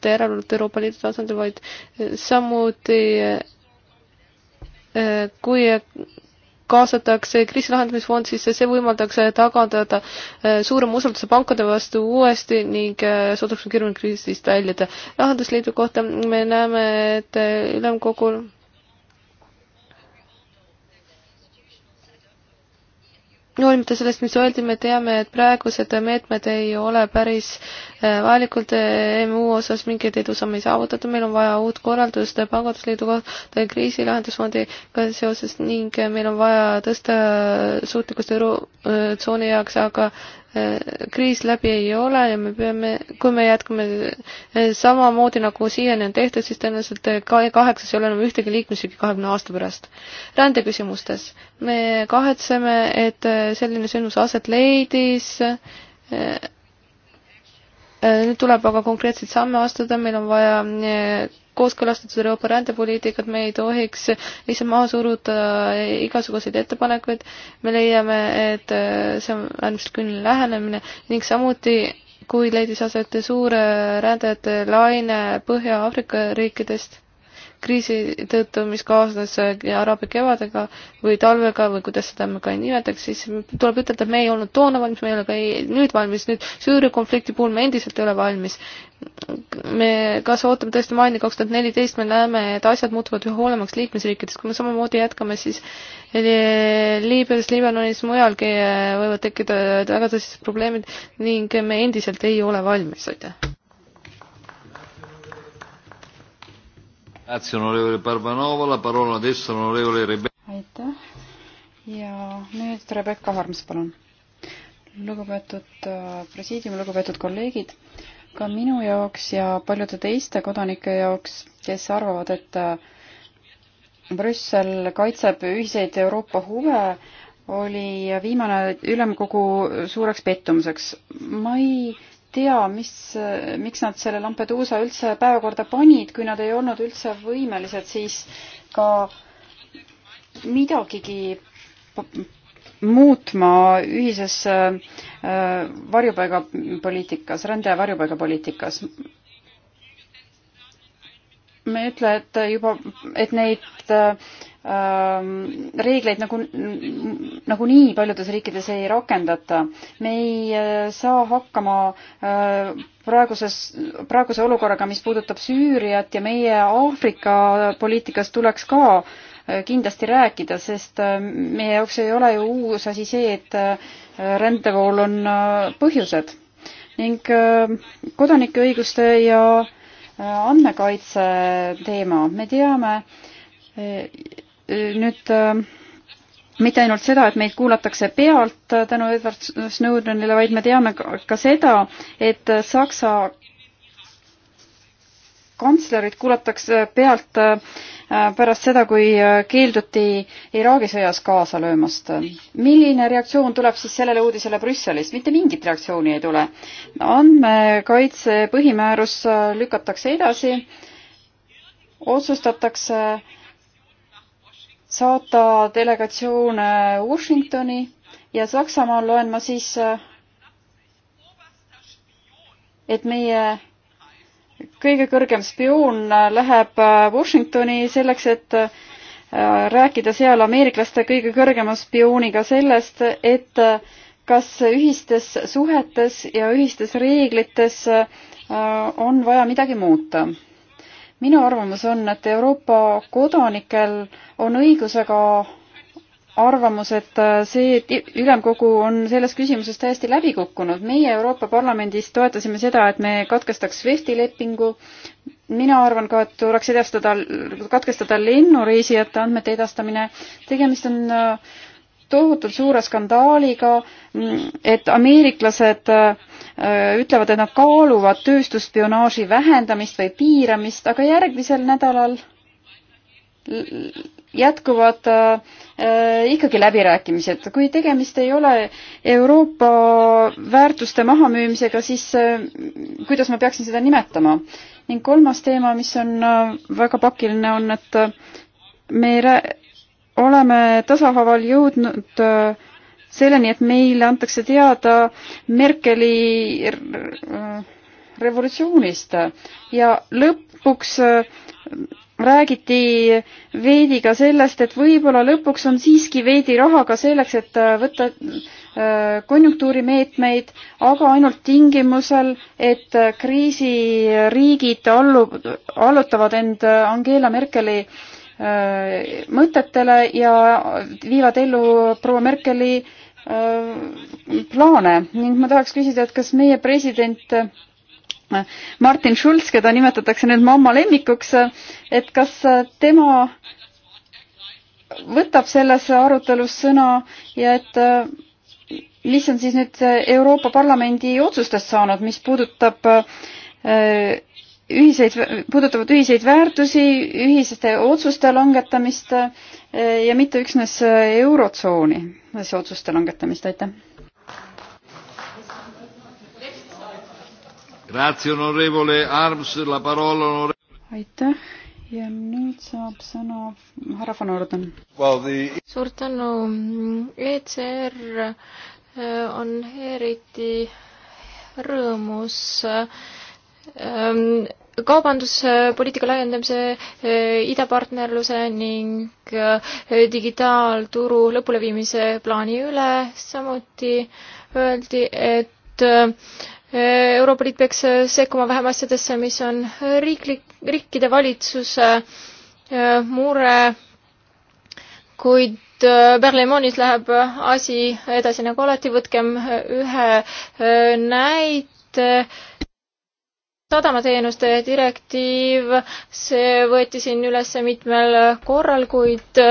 teostata järelevalvet Euroopa Liidu tasandil, vaid eh, samuti eh, eh, kui kaasatakse kriisilahendamisfond, siis see võimaldaks tagada suurema usalduse pankade vastu uuesti ning suudaks kiiremini kriisist väljuda. rahandusliidu kohta me näeme, et ülemkogul hoolimata sellest, mis öeldi, me teame, et praegused meetmed ei ole päris äh, vajalikud EMU osas mingeid edusamme ei saavutatud, meil on vaja uut korraldust Pangandusliidu kohta ja kriisilahendusfondiga seoses ning meil on vaja tõsta suutlikkust eurotsooni äh, jaoks, aga Äh, kriis läbi ei ole ja me peame, kui me jätkume äh, samamoodi nagu siiani on tehtud, siis tõenäoliselt äh, kaheksas ei ole enam ühtegi liikmesriiki kahekümne aasta pärast. rändeküsimustes. me kahetseme, et selline sündmus aset leidis. nüüd tuleb aga konkreetseid samme astuda, meil on vaja kooskõlastatud Euroopa rändepoliitikat, me ei tohiks lihtsalt maha suruda igasuguseid ettepanekuid. me leiame, et see on äärmiselt küüniline lähenemine ning samuti kui leidis aset suur rändajate laine Põhja-Aafrika riikidest kriisi tõttu, mis kaasnes araabia kevadega või talvega või kuidas seda me ka ei nimetaks, siis tuleb ütelda, et me ei olnud toona valmis, me ei ole ka ei, nüüd valmis, nüüd Süüria konflikti puhul me endiselt ei ole valmis me, kas ootame tõesti maini kaks tuhat neliteist, me näeme, et asjad muutuvad üha hullemaks liikmesriikides, kui me samamoodi jätkame, siis eh, Liibüas, Liibanonis, mujalgi eh, võivad tekkida eh, väga tõsised probleemid ning me endiselt ei ole valmis, aitäh. aitäh ja nüüd Rebecca Harms, palun. lugupeetud presiidium, lugupeetud kolleegid ka minu jaoks ja paljude teiste kodanike jaoks, kes arvavad, et äh, Brüssel kaitseb ühiseid Euroopa huve, oli viimane ülemkogu suureks pettumuseks. ma ei tea, mis, miks nad selle Lampeduusa üldse päevakorda panid, kui nad ei olnud üldse võimelised siis ka midagigi muutma ühises äh, varjupaigapoliitikas, rände- ja varjupaigapoliitikas? ma ei ütle, et juba, et neid äh, reegleid nagu, nagu nii paljudes riikides ei rakendata. me ei äh, saa hakkama praeguses, praeguse olukorraga, mis puudutab Süüriat ja meie Aafrika poliitikas tuleks ka kindlasti rääkida, sest äh, meie jaoks ei ole ju uus asi see, et äh, rändevool on äh, põhjused ning kodanikeõiguste ja andmekaitse teema, me teame nüüd mitte ainult seda, et meid kuulatakse pealt tänu Edward Snowdenile, vaid me teame ka seda, et Saksa kantslerit kuulatakse pealt äh, pärast seda, kui äh, keelduti Iraagi sõjas kaasa löömast. milline reaktsioon tuleb siis sellele uudisele Brüsselis? mitte mingit reaktsiooni ei tule. andmekaitse põhimäärus äh, lükatakse edasi, otsustatakse saata delegatsioone Washingtoni ja Saksamaal loen ma siis, et meie kõige kõrgem spioon läheb äh, Washingtoni selleks, et äh, rääkida seal ameeriklaste kõige kõrgema spiooniga sellest, et äh, kas ühistes suhetes ja ühistes reeglites on vaja midagi muuta. minu arvamus on, et Euroopa kodanikel on õigusega arvamus, et äh, see et ülemkogu on selles küsimuses täiesti läbi kukkunud. meie Euroopa Parlamendis toetasime seda, et me katkestaks SWIFTi lepingu. mina arvan ka, et tuleks edastada, katkestada lennureisijate andmete edastamine. tegemist on äh, tohutult suure skandaaliga, mm, et ameeriklased äh, ütlevad, et nad kaaluvad tööstusspionaaži vähendamist või piiramist, aga järgmisel nädalal jätkuvad äh, ikkagi läbirääkimised. kui tegemist ei ole Euroopa väärtuste mahamüümisega, siis äh, kuidas ma peaksin seda nimetama? ning kolmas teema, mis on äh, väga pakiline, on, et me oleme tasahaaval jõudnud selleni, et meile antakse teada Merkeli revolutsioonist ja lõpuks räägiti veidi ka sellest, et võib-olla lõpuks on siiski veidi raha ka selleks, et äh, võtta äh, konjunktuurimeetmeid, aga ainult tingimusel, et äh, kriisiriigid allu, allutavad end Angela Merkeli mõtetele ja viivad ellu proua Merkeli plaane ning ma tahaks küsida, et kas meie president Martin Schulz, keda nimetatakse nüüd mamma lemmikuks, et kas tema võtab selles arutelus sõna ja et mis on siis nüüd Euroopa Parlamendi otsustest saanud, mis puudutab ühiseid, puudutavad ühiseid väärtusi, ühiseste otsuste langetamist ja mitte üksnes Eurotsooni otsuste langetamist, aitäh! aitäh ja nüüd saab sõna härra von Orden well,. The... suur tänu. ECR äh, on eriti rõõmus ähm, kaubanduspoliitika laiendamise, äh, idapartnerluse ning äh, digitaalturu lõpuleviimise plaani üle. samuti öeldi, et Euroopa Liit peaks äh, sekkuma vähem asjadesse, mis on äh, riiklik, riikide valitsuse äh, mure, kuid Berlemonis läheb asi edasi nagu alati, võtkem ühe näite sadamateenuste direktiiv, see võeti siin üles mitmel korral, kuid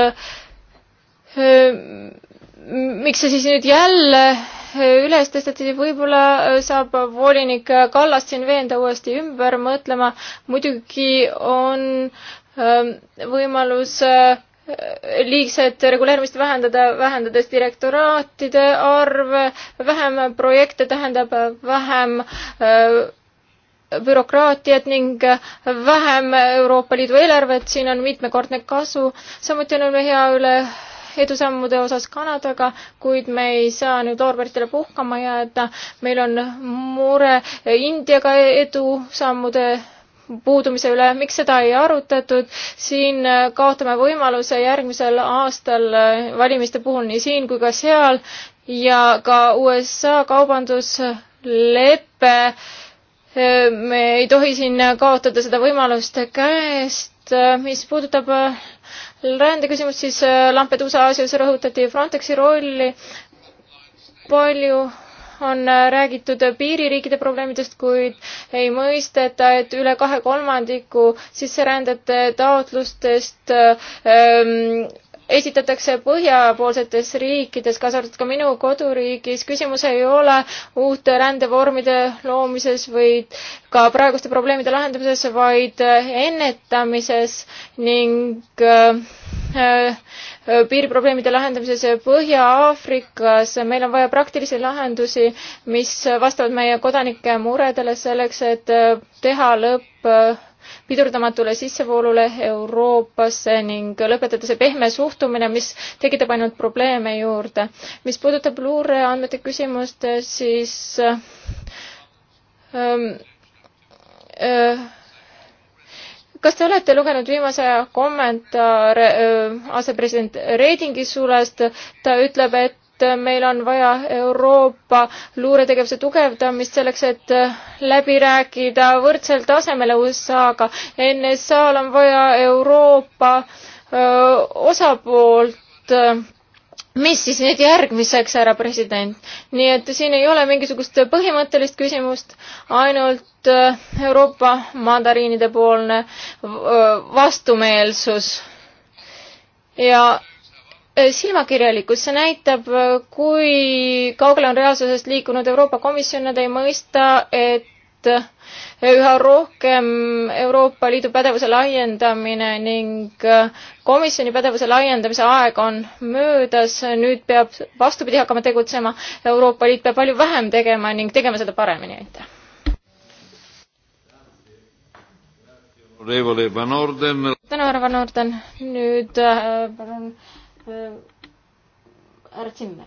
miks see siis nüüd jälle äh, üles tõsteti, võib-olla äh, saab volinik Kallast siin veenda uuesti ümber mõtlema. muidugi on ähm, võimalus äh, liigset reguleerimist vähendada, vähendades direktoraatide arve, vähem projekte tähendab vähem bürokraatiat ning vähem Euroopa Liidu eelarvet, siin on mitmekordne kasu. samuti on meil hea üle edusammude osas Kanadaga, kuid me ei saa nüüd loorberitele puhkama jääda. meil on mure Indiaga edusammude puudumise üle, miks seda ei arutatud, siin kaotame võimaluse järgmisel aastal valimiste puhul nii siin kui ka seal ja ka USA kaubanduslepe, me ei tohi siin kaotada seda võimalust käest, mis puudutab rändeküsimus, siis äh, Lampedusa asjus rõhutati Frontexi rolli. palju on äh, räägitud piiririikide probleemidest, kuid ei mõisteta, et üle kahe kolmandiku sisserändajate taotlustest äh, ähm, esitatakse põhjapoolsetes riikides, kaasa arvatud ka minu koduriigis, küsimus ei ole uute rändevormide loomises või ka praeguste probleemide lahendamises, vaid ennetamises ning äh, piiriprobleemide lahendamises Põhja-Aafrikas. meil on vaja praktilisi lahendusi, mis vastavad meie kodanike muredele selleks, et äh, teha lõpp äh, pidurdamatule sissevoolule Euroopasse ning lõpetada see pehme suhtumine, mis tekitab ainult probleeme juurde. mis puudutab luureandmete küsimust, siis ähm, äh, kas te olete lugenud viimase aja kommentaare äh, asepresident Redingi sulest? ta ütleb, et et meil on vaja Euroopa luuretegevuse tugevdamist selleks, et läbi rääkida võrdsel tasemel USA-ga. NSA-l on vaja Euroopa osapoolt mis siis nüüd järgmiseks, härra president? nii et siin ei ole mingisugust põhimõttelist küsimust, ainult Euroopa mandariinide poolne vastumeelsus. ja Äh, silmakirjalikkus, see näitab, äh, kui kaugele on reaalsusest liikunud Euroopa Komisjon, nad ei mõista, et äh, üha rohkem Euroopa Liidu pädevuse laiendamine ning komisjoni pädevuse laiendamise aeg on möödas, nüüd peab vastupidi hakkama tegutsema, Euroopa Liit peab palju vähem tegema ning tegema seda paremini, aitäh. tänu, härra Van Orden, nüüd palun äh, Äh, härra Zimmer.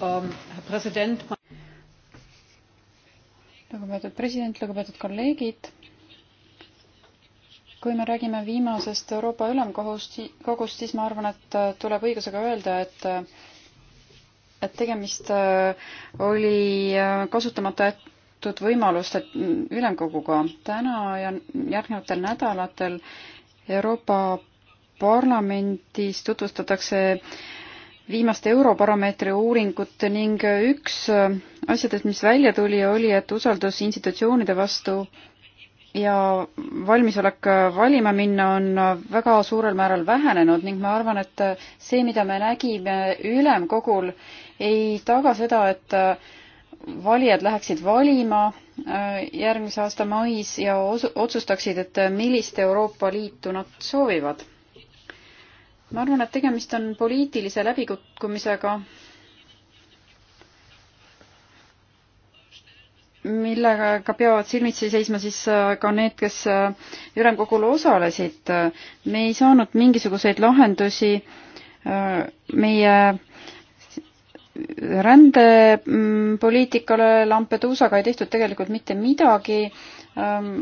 Ähm, president. lugupeetud president, lugupeetud kolleegid. kui me räägime viimasest Euroopa Ülemkohust, kogust, siis ma arvan, et äh, tuleb õigusega öelda, et äh, et tegemist oli kasutamata jäetud võimalust, et mm, ülemkoguga täna ja järgnevatel nädalatel Euroopa Parlamendis tutvustatakse viimaste Eurobaromeetri uuringut ning üks asjadest, mis välja tuli, oli, et usaldus institutsioonide vastu ja valmisolek valima minna on väga suurel määral vähenenud ning ma arvan, et see, mida me nägime ülemkogul, ei taga seda, et valijad läheksid valima äh, järgmise aasta mais ja otsustaksid, et äh, millist Euroopa Liitu nad soovivad. ma arvan, et tegemist on poliitilise läbikukkumisega, millega peavad silmitsi seisma siis äh, ka need, kes ülemkogul osalesid. me ei saanud mingisuguseid lahendusi meie rändepoliitikale mm, Lampedusaga ei tehtud tegelikult mitte midagi, ähm,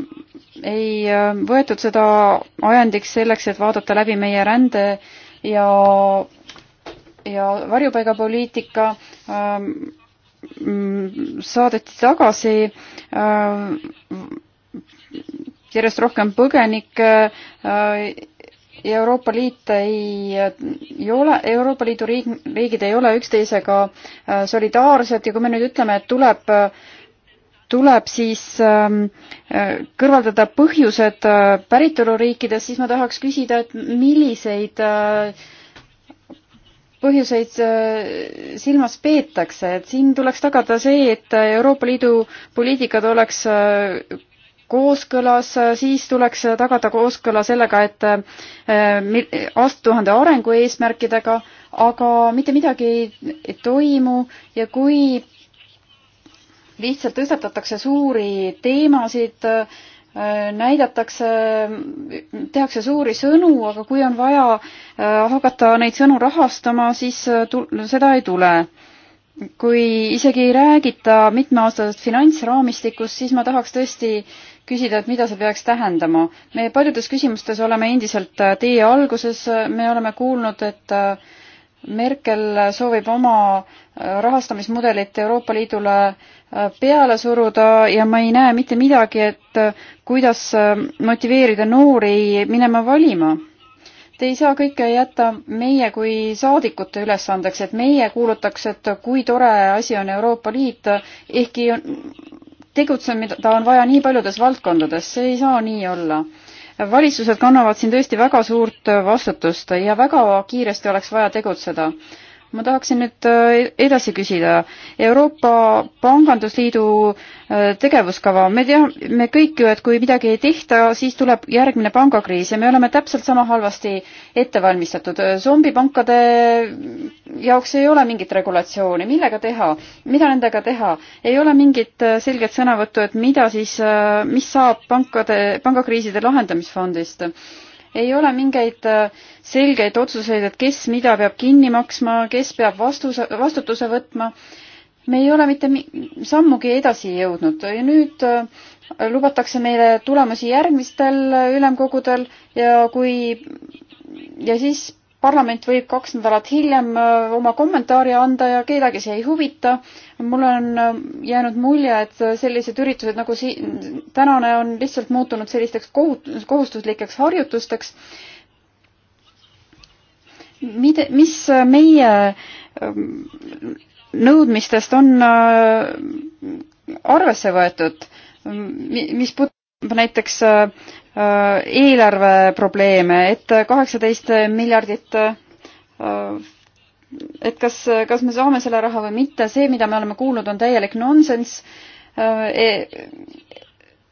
ei ähm, võetud seda ajendiks selleks, et vaadata läbi meie rände ja, ja varjupaigapoliitika, ähm, mm, saadeti tagasi järjest rohkem põgenikke äh, Euroopa Liit ei, ei ole, Euroopa Liidu riik, riigid ei ole üksteisega äh, solidaarsed ja kui me nüüd ütleme, et tuleb tuleb siis ähm, äh, kõrvaldada põhjused äh, päritoluriikides, siis ma tahaks küsida, et milliseid põhjuseid silmas peetakse, et siin tuleks tagada see, et Euroopa Liidu poliitikad oleks kooskõlas, siis tuleks tagada kooskõla sellega, et aastatuhande eh, arengu eesmärkidega, aga mitte midagi ei toimu ja kui lihtsalt tõstatatakse suuri teemasid, eh, näidatakse, tehakse suuri sõnu, aga kui on vaja eh, hakata neid sõnu rahastama, siis seda ei tule kui isegi ei räägita mitmeaastasest finantsraamistikust, siis ma tahaks tõesti küsida, et mida see peaks tähendama. me paljudes küsimustes oleme endiselt äh, tee alguses, me oleme kuulnud, et äh, Merkel soovib oma äh, rahastamismudelit Euroopa Liidule peale suruda ja ma ei näe mitte midagi, et kuidas motiveerida noori minema valima te ei saa kõike jätta meie kui saadikute ülesandeks, et meie kuulutaks, et kui tore asi on Euroopa Liit, ehkki on, tegutseda on vaja nii paljudes valdkondades, see ei saa nii olla. valitsused kannavad siin tõesti väga suurt vastutust ja väga kiiresti oleks vaja tegutseda ma tahaksin nüüd äh, e-, edasi küsida. Euroopa Pangandusliidu äh, tegevuskava, me teame, me kõik ju, et kui midagi ei tehta, siis tuleb järgmine pangakriis ja me oleme täpselt sama halvasti ette valmistatud. zombipankade jaoks ei ole mingit regulatsiooni, millega teha, mida nendega teha, ei ole mingit äh, selget sõnavõttu, et mida siis, mis saab pankade, pangakriiside lahendamisfondist ei ole mingeid äh, selgeid otsuseid, et kes mida peab kinni maksma, kes peab vastuse, vastutuse võtma. me ei ole mitte sammugi edasi jõudnud ja nüüd äh, lubatakse meile tulemusi järgmistel äh, ülemkogudel ja kui ja siis parlament võib kaks nädalat hiljem oma kommentaari anda ja kedagi see ei huvita mul on äh, jäänud mulje, et sellised üritused nagu siin tänane on lihtsalt muutunud sellisteks kohut-, kohustuslikeks harjutusteks. mida, mis äh, meie ähm, nõudmistest on äh, arvesse võetud, mis puudutab näiteks eelarve probleeme, et kaheksateist miljardit et kas, kas me saame selle raha või mitte, see, mida me oleme kuulnud, on täielik nonsenss e,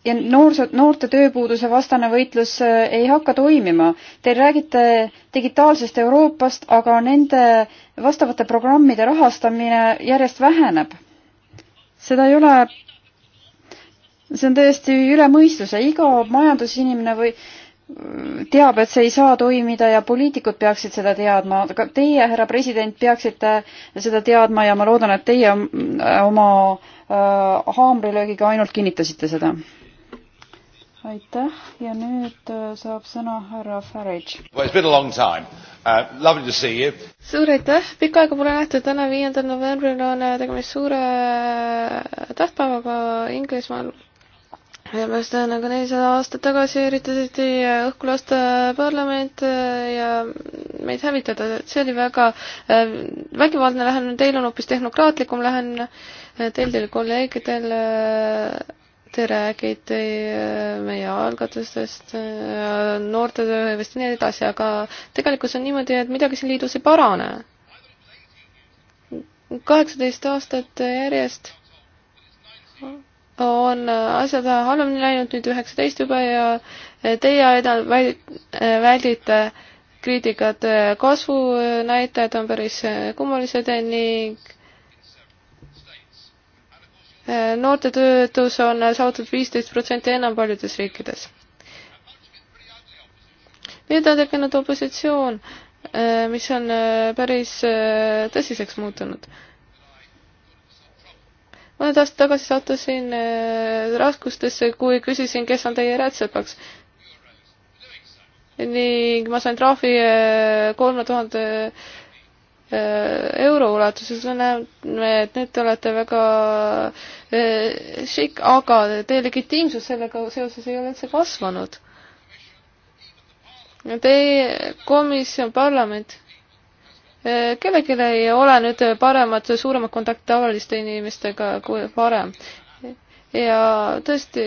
ja noorsoo, noorte tööpuuduse vastane võitlus e, ei hakka toimima. Te räägite digitaalsest Euroopast, aga nende vastavate programmide rahastamine järjest väheneb. seda ei ole, see on täiesti üle mõistuse, iga majandusinimene või äh, teab, et see ei saa toimida ja poliitikud peaksid seda teadma, aga teie, härra president, peaksite seda teadma ja ma loodan, et teie oma äh, haamrilöögiga ainult kinnitasite seda. aitäh ja nüüd äh, saab sõna härra Farage. Uh, suur aitäh, pikka aega pole nähtud, täna viiendal novembril on äh, tegemist suure tähtpäevaga Inglismaal vastan, aga nelisada aastat tagasi üritati õhku lasta parlament äh, ja meid hävitada, see oli väga äh, vägivaldne lähenemine, teil on hoopis tehnokraatlikum lähenemine, äh, teil, teil kolleegidel, te räägite meie algatustest, noorte tööhõivest ja nii edasi, aga tegelikult see on niimoodi, et midagi siin liidus ei parane. kaheksateist aastat järjest on äh, asjad halvemini läinud nüüd üheksateist juba ja äh, teie edal äh, väldite kriitikat. kasvunäitajad on päris kummalised ning noorte töötus on saavutatud viisteist protsenti enam paljudes riikides. nüüd on tekkinud opositsioon, mis on päris tõsiseks muutunud mõned aastad tagasi sattusin äh, raskustesse, kui küsisin, kes on teie rätsepaks. ning ma sain trahvi äh, kolme tuhande äh, euro ulatuses, me näeme, et nüüd te olete väga šikk, aga teie legitiimsus sellega seoses ei ole üldse kasvanud. Teie komisjon, parlament kellelgi ei ole nüüd paremat, suuremat kontakti tavaliste inimestega kui varem. ja tõesti,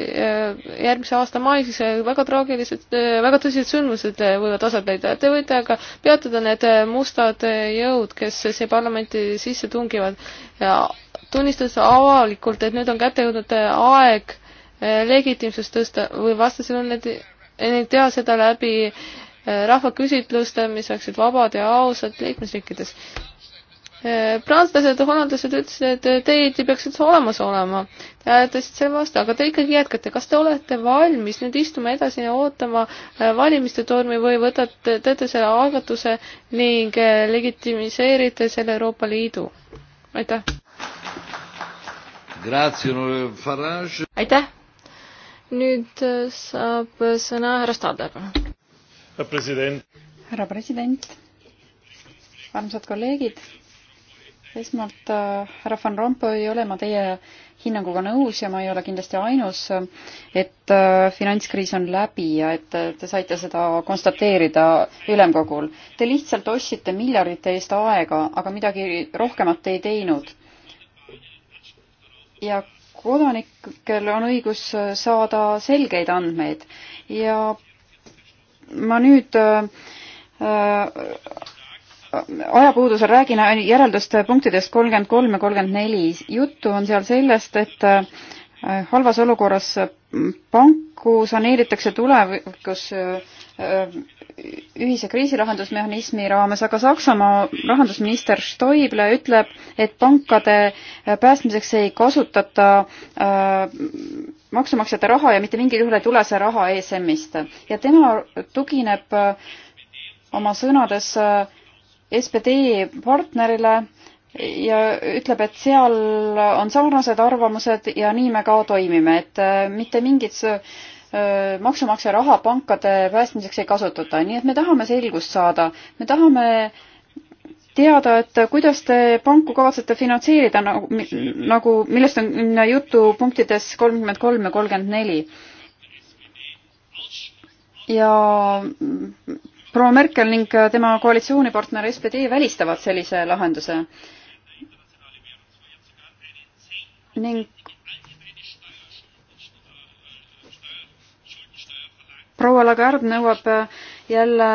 järgmise aasta mais väga traagilised, väga tõsised sündmused võivad aset leida. Te võite aga peatada need mustad jõud, kes siia parlamenti sisse tungivad ja tunnistas avalikult, et nüüd on kätte jõudnud aeg legitiimsust tõsta või vastasel on need, neid teha seda läbi äh, rahvaküsitluste, mis oleksid vabad ja ausad liikmesriikides. prantslased, hollandlased ütlesid, et teid ei peaks üldse olemas olema. Te hääletasid selle vastu, aga te ikkagi jätkate. kas te olete valmis nüüd istuma edasi ja ootama äh, valimiste tormi või võtate, teete selle algatuse ning äh, legitimiseerite selle Euroopa Liidu? aitäh! aitäh! nüüd äh, saab sõna härra Stadler, palun härra president, armsad kolleegid, esmalt äh, härra Van Rompuy, ei ole ma teie hinnanguga nõus ja ma ei ole kindlasti ainus, et äh, finantskriis on läbi ja et äh, te saite seda konstateerida ülemkogul. Te lihtsalt ostsite miljardite eest aega, aga midagi rohkemat te ei teinud. ja kodanikel on õigus saada selgeid andmeid ja ma nüüd äh, äh, ajapuudusel räägin järelduste punktidest kolmkümmend kolm ja kolmkümmend neli. juttu on seal sellest, et äh, halvas olukorras panku saneeritakse tulevikus ühise kriisilahendusmehhanismi raames, aga Saksamaa rahandusminister Stoible ütleb, et pankade päästmiseks ei kasutata maksumaksjate raha ja mitte mingil juhul ei tule see raha ESM-ist. ja tema tugineb äh, oma sõnades äh, SPD partnerile ja ütleb, et seal on sarnased arvamused ja nii me ka toimime, et äh, mitte mingit maksumaksja raha pankade päästmiseks ei kasutata, nii et me tahame selgust saada, me tahame äh, teada, et kuidas te panku kavatsete finantseerida, nagu, nagu, millest on juttu punktides kolmkümmend kolm ja kolmkümmend neli. ja proua Merkel ning tema koalitsioonipartner SPD välistavad sellise lahenduse. ning proua Lagarde nõuab jälle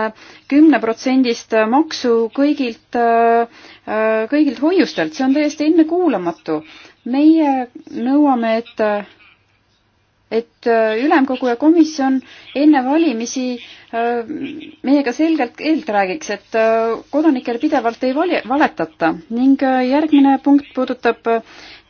kümneprotsendist maksu kõigilt, äh, kõigilt hoiustelt, see on täiesti ennekuulamatu. meie nõuame, et, et ülemkogu ja komisjon enne valimisi äh, meiega selgelt keelt räägiks, et äh, kodanikele pidevalt ei vali, valetata ning järgmine punkt puudutab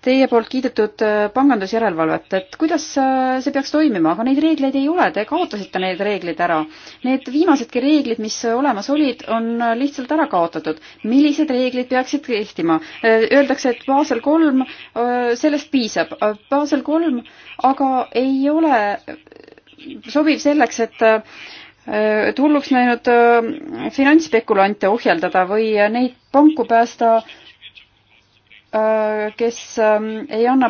teie poolt kiidetud äh, pangandusjärelevalvet, et kuidas äh, see peaks toimima, aga neid reegleid ei ole, te kaotasite need reeglid ära. Need viimasedki reeglid, mis olemas olid, on äh, lihtsalt ära kaotatud. millised reeglid peaksid kehtima? Öeldakse, et Basel kolm, sellest piisab. Basel kolm aga ei ole sobiv selleks, et et hulluks läinud finantsspekulante ohjeldada või neid panku päästa äh, Äh, kes ähm, ei anna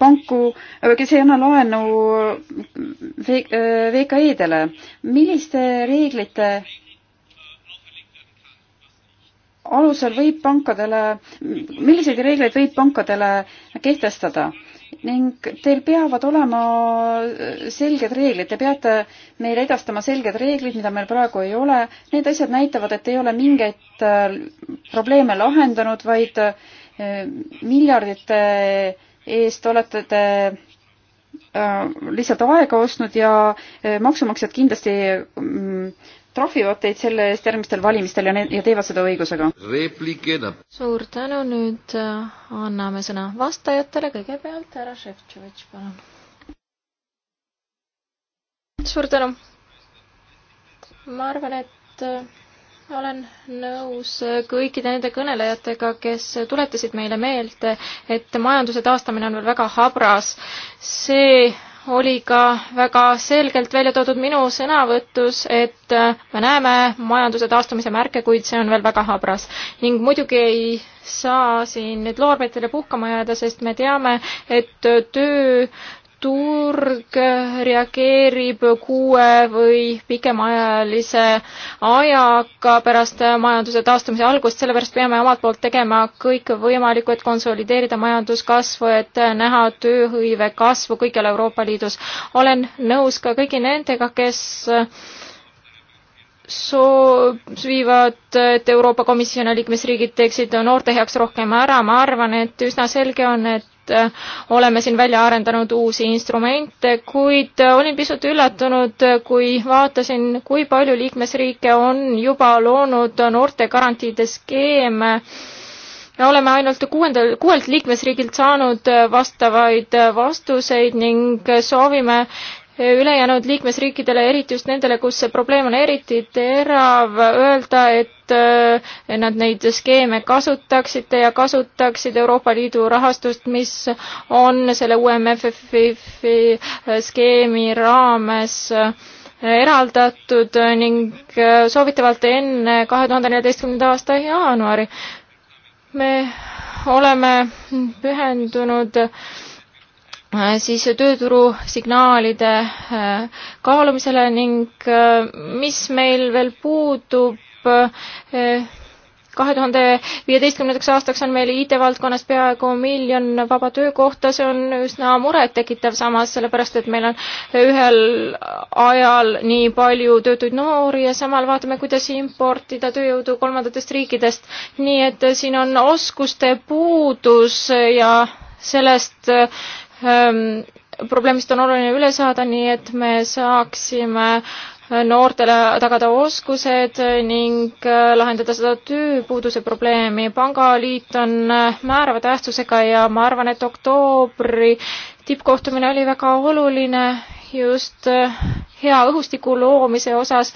panku, äh, kes ei anna laenu VKE-dele. Äh, milliste reeglite alusel võib pankadele, milliseid reegleid võib pankadele kehtestada? ning teil peavad olema selged reeglid, te peate meile edastama selged reeglid, mida meil praegu ei ole. Need asjad näitavad, et ei ole mingeid probleeme lahendanud, vaid äh, miljardite eest olete te äh, lihtsalt aega ostnud ja äh, maksumaksjad kindlasti mm, trahvivad teid selle eest järgmistel valimistel ja, ja teevad seda õigusega. suur tänu, nüüd äh, anname sõna vastajatele, kõigepealt härra Šeftšovitš, palun. suur tänu. ma arvan, et olen nõus kõikide nende kõnelejatega, kes tuletasid meile meelde, et majanduse taastamine on veel väga habras. see oli ka väga selgelt välja toodud minu sõnavõtus, et me näeme majanduse taastumise märke, kuid see on veel väga habras. ning muidugi ei saa siin nüüd loorberitele puhkama jääda, sest me teame, et töö turg reageerib kuue või pikemaajalise ajaga pärast majanduse taastumise algust, sellepärast peame omalt poolt tegema kõik võimalikku, et konsolideerida majanduskasvu, et näha tööhõive kasvu kõikjal Euroopa Liidus. olen nõus ka kõigi nendega, kes soovivad, et Euroopa Komisjoni liikmesriigid teeksid noorte heaks rohkem ära, ma arvan, et üsna selge on, et Äh, oleme siin välja arendanud uusi instrumente, kuid äh, olin pisut üllatunud, äh, kui vaatasin, kui palju liikmesriike on juba loonud noortegarantiide skeeme me oleme ainult kuuendal, kuuelt liikmesriigilt saanud vastavaid vastuseid ning soovime, ülejäänud liikmesriikidele, eriti just nendele, kus see probleem on eriti terav, öelda, et äh, nad neid skeeme kasutaksid ja kasutaksid Euroopa Liidu rahastust, mis on selle UMFF-i skeemi raames äh, eraldatud ning äh, soovitavalt enne kahe tuhande neljateistkümnenda aasta jaanuari. me oleme pühendunud äh, Äh, siis tööturu signaalide äh, kaalumisele ning äh, mis meil veel puudub, kahe tuhande viieteistkümnendaks aastaks on meil IT-valdkonnas peaaegu miljon vaba töökohta, see on üsna murettekitav samas, sellepärast et meil on ühel ajal nii palju töötuid noori ja samal vaatame, kuidas importida tööjõudu kolmandatest riikidest. nii et siin on oskuste puudus ja sellest Ähm, probleemist on oluline üle saada, nii et me saaksime äh, noortele tagada oskused ning äh, lahendada seda tööpuuduse probleemi. pangaliit on äh, määrava tähtsusega ja ma arvan, et oktoobri tippkohtumine oli väga oluline just äh, hea õhustiku loomise osas,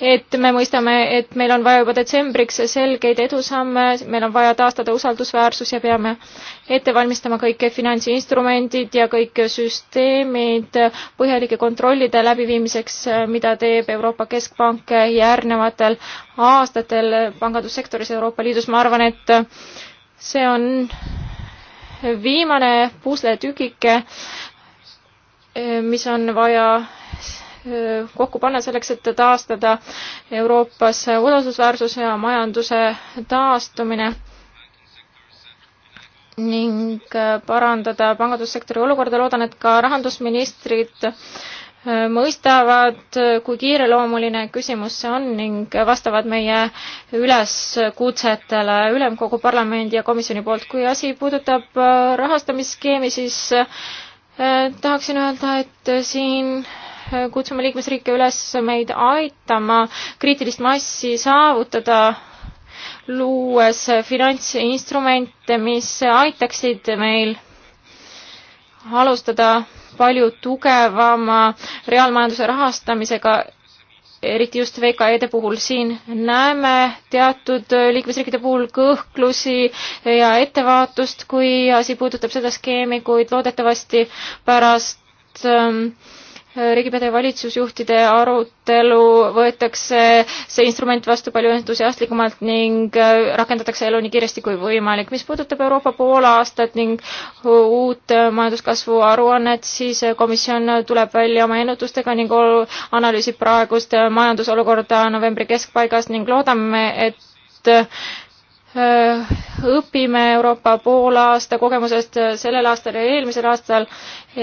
et me mõistame, et meil on vaja juba detsembriks selgeid edusamme, meil on vaja taastada usaldusväärsus ja peame ette valmistama kõik finantsinstrumendid ja kõik süsteemid põhjalike kontrollide läbiviimiseks, mida teeb Euroopa Keskpank järgnevatel aastatel pangandussektoris Euroopa Liidus, ma arvan, et see on viimane pusletükike mis on vaja kokku panna selleks, et taastada Euroopas usaldusväärsus ja majanduse taastumine ning parandada pangandussektori olukorda. loodan, et ka rahandusministrid mõistavad, kui kiireloomuline küsimus see on ning vastavad meie üleskutsetele Ülemkogu parlamendi ja komisjoni poolt. kui asi puudutab rahastamisskeemi, siis Äh, tahaksin öelda, et äh, siin äh, kutsume liikmesriike üles meid aitama kriitilist massi saavutada, luues finantsinstrumente, mis aitaksid meil alustada palju tugevama reaalmajanduse rahastamisega eriti just VKE-de puhul. siin näeme teatud liikmesriikide puhul kõhklusi ja ettevaatust, kui asi puudutab seda skeemi, kuid loodetavasti pärast ähm, riigipädev valitsusjuhtide arutelu võetakse see instrument vastu palju entusiastlikumalt ning äh, rakendatakse elu nii kiiresti kui võimalik. mis puudutab Euroopa poole aastat ning uut majanduskasvu aruannet, siis komisjon tuleb välja oma ennustustega ning analüüsib praegust majandusolukorda novembri keskpaigas ning loodame, et Äh, õpime Euroopa poolaasta kogemusest sellel aastal ja eelmisel aastal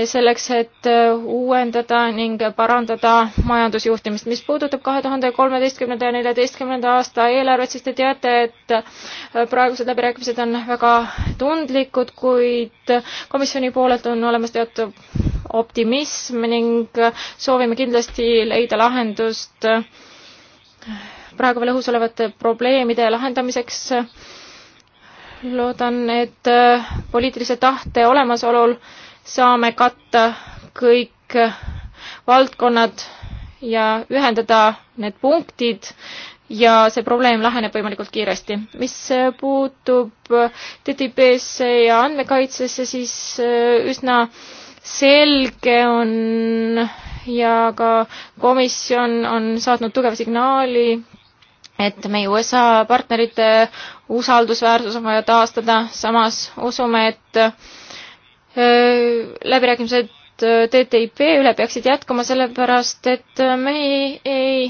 selleks, et äh, uuendada ning parandada majandusjuhtimist. mis puudutab kahe tuhande kolmeteistkümnenda ja neljateistkümnenda aasta eelarvet, siis te teate, et äh, praegused läbirääkimised on väga tundlikud, kuid komisjoni poolelt on olemas teatud optimism ning soovime kindlasti leida lahendust praegu veel õhus olevate probleemide lahendamiseks. loodan, et äh, poliitilise tahte olemasolul saame katta kõik äh, valdkonnad ja ühendada need punktid ja see probleem laheneb võimalikult kiiresti. mis äh, puutub TTIP-sse ja andmekaitsesse, siis üsna selge on ja ka komisjon on saatnud tugeva signaali et meie USA partnerite usaldusväärsus on vaja taastada, samas usume, et äh, läbirääkimised äh, TTIP üle peaksid jätkuma, sellepärast et äh, me ei, ei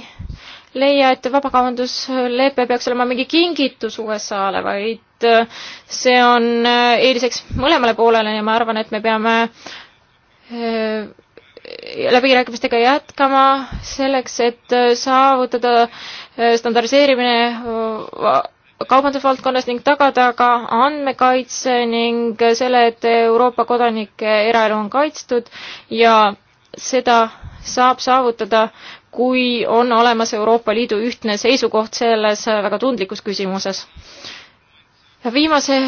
leia, et vabakaubanduslepe peaks olema mingi kingitus USA-le, vaid see on eeliseks mõlemale poolele ja ma arvan, et me peame läbirääkimistega jätkama selleks, et äh, saavutada äh, standardiseerimine äh, kaubandusvaldkonnas ning tagada ka andmekaitse ning selle, et Euroopa kodanike eraelu on kaitstud ja seda saab saavutada, kui on olemas Euroopa Liidu ühtne seisukoht selles väga tundlikus küsimuses. viimase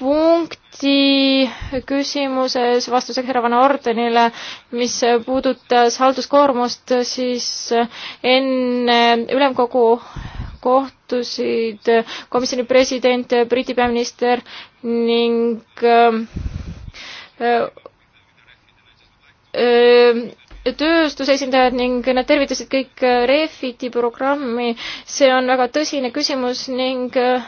punkti küsimuses vastuseks härra Van Ordenile, mis puudutas halduskoormust, siis enne ülemkogu kohtusid komisjoni president, Briti peaminister ning öö, äh, öö, äh, tööstuse esindajad ning nad tervitasid kõik äh, Refiti programmi. see on väga tõsine küsimus ning äh,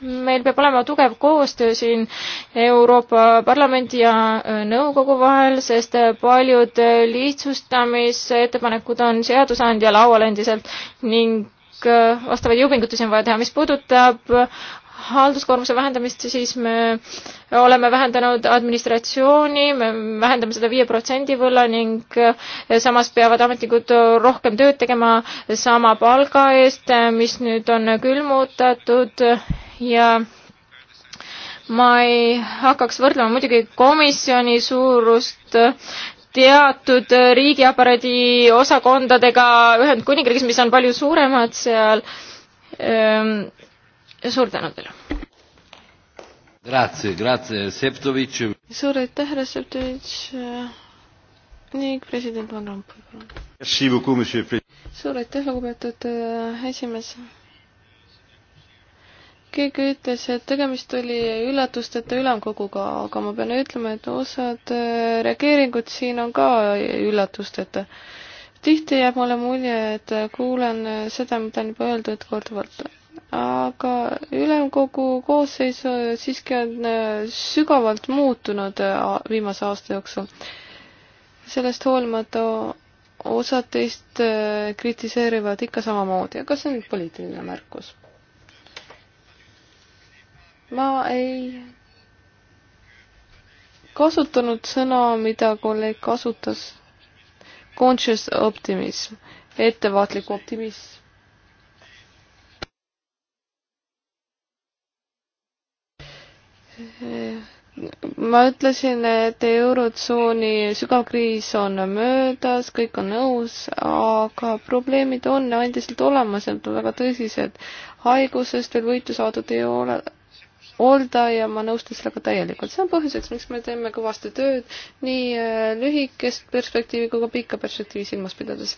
meil peab olema tugev koostöö siin Euroopa Parlamendi ja äh, nõukogu vahel, sest paljud lihtsustamisettepanekud on seadusandja laual endiselt ning vastavaid jõupingutusi on vaja teha. mis puudutab halduskoormuse vähendamist, siis me oleme vähendanud administratsiooni, me vähendame seda viie protsendi võlla ning eh, samas peavad ametnikud rohkem tööd tegema sama palga eest, eh, mis nüüd on külmutatud ja ma ei hakkaks võrdlema muidugi komisjoni suurust eh, teatud riigiaparaadi osakondadega Ühendkuningriigis, mis on palju suuremad seal ähm, ja suur tänu teile! Grazie, grazie, Septovitš. suur aitäh, härra Septovitš. ning president Van Rompuy, palun. suur aitäh, lugupeetud äh, esimees. keegi ütles, et tegemist oli üllatusteta ülemkoguga, aga ma pean ütlema, et osad äh, reageeringud siin on ka üllatusteta. tihti jääb mulle mulje, et kuulen äh, seda, mida on juba öeldud korduvalt aga ülemkogu koosseis äh, siiski on äh, sügavalt muutunud äh, viimase aasta jooksul. sellest hoolimata osad teist kritiseerivad ikka samamoodi, aga see on nüüd poliitiline märkus. ma ei kasutanud sõna, mida kolleeg kasutas, conscious optimism, ettevaatlik optimism ma ütlesin, et Eurotsooni sügavkriis on möödas, kõik on nõus, aga probleemid on endiselt olemas, need on väga tõsised. haigusest veel võitu saadud ei ole, olda ja ma nõustun sellega täielikult. see on põhjuseks, miks me teeme kõvasti tööd nii äh, lühikest perspektiivi kui ka pikka perspektiivi silmas pidades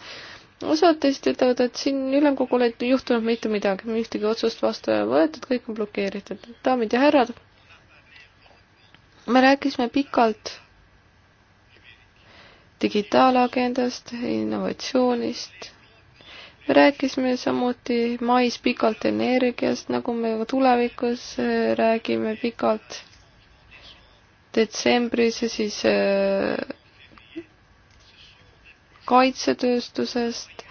osad teist ütlevad, et siin ülemkogul ei juhtunud mitte midagi, ühtegi otsust vastu ei võetud, kõik on blokeeritud. daamid ja härrad me rääkisime pikalt digitaalagendast, innovatsioonist, me rääkisime samuti mais pikalt energiast, nagu me ka tulevikus äh, räägime pikalt, detsembris ja siis äh, kaitsetööstusest,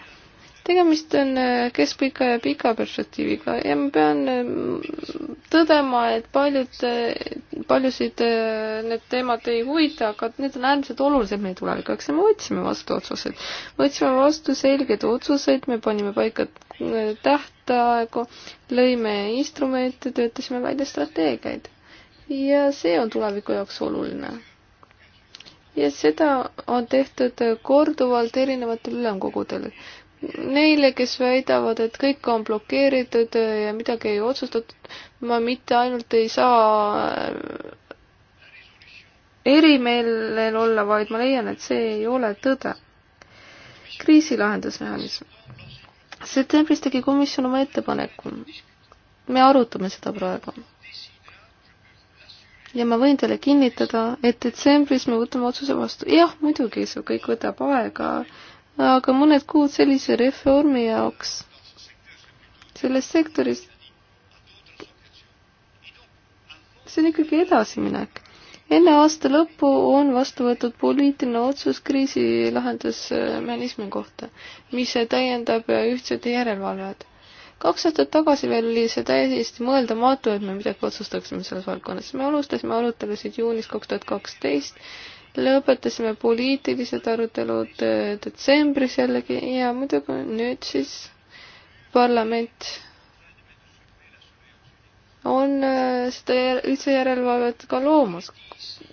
tegemist on äh, keskpika ja pika perspektiiviga ja ma pean äh, tõdema, et paljud, äh, paljusid need teemad ei huvita, aga need on äärmiselt olulised meie tulevikuks ja me võtsime vastu otsuseid. võtsime vastu selgeid otsuseid, me panime paika tähtaegu, lõime instrumente, töötasime välja strateegiaid. ja see on tuleviku jaoks oluline ja seda on tehtud korduvalt erinevatel ülemkogudel neile, kes väidavad, et kõik on blokeeritud ja midagi ei otsustatud, ma mitte ainult ei saa erimeelel olla, vaid ma leian, et see ei ole tõde. kriisilahendusmehhanism. septembris tegi komisjon oma ettepaneku. me arutame seda praegu. ja ma võin teile kinnitada, et detsembris me võtame otsuse vastu. jah, muidugi, see kõik võtab aega aga mõned kuud sellise reformi jaoks selles sektoris. see on ikkagi edasiminek. enne aasta lõppu on vastu võetud poliitiline otsus kriisi lahendusmehhanismi kohta, mis täiendab ühtset järelevalvet kaks aastat tagasi veel oli see täiesti mõeldamatu, et me midagi otsustaksime selles valdkonnas. me alustasime arutelusid juunis kaks tuhat kaksteist lõpetasime poliitilised arutelud äh, detsembris jällegi ja muidugi nüüd siis parlament on äh, seda üldse järelevalvet ka loomas.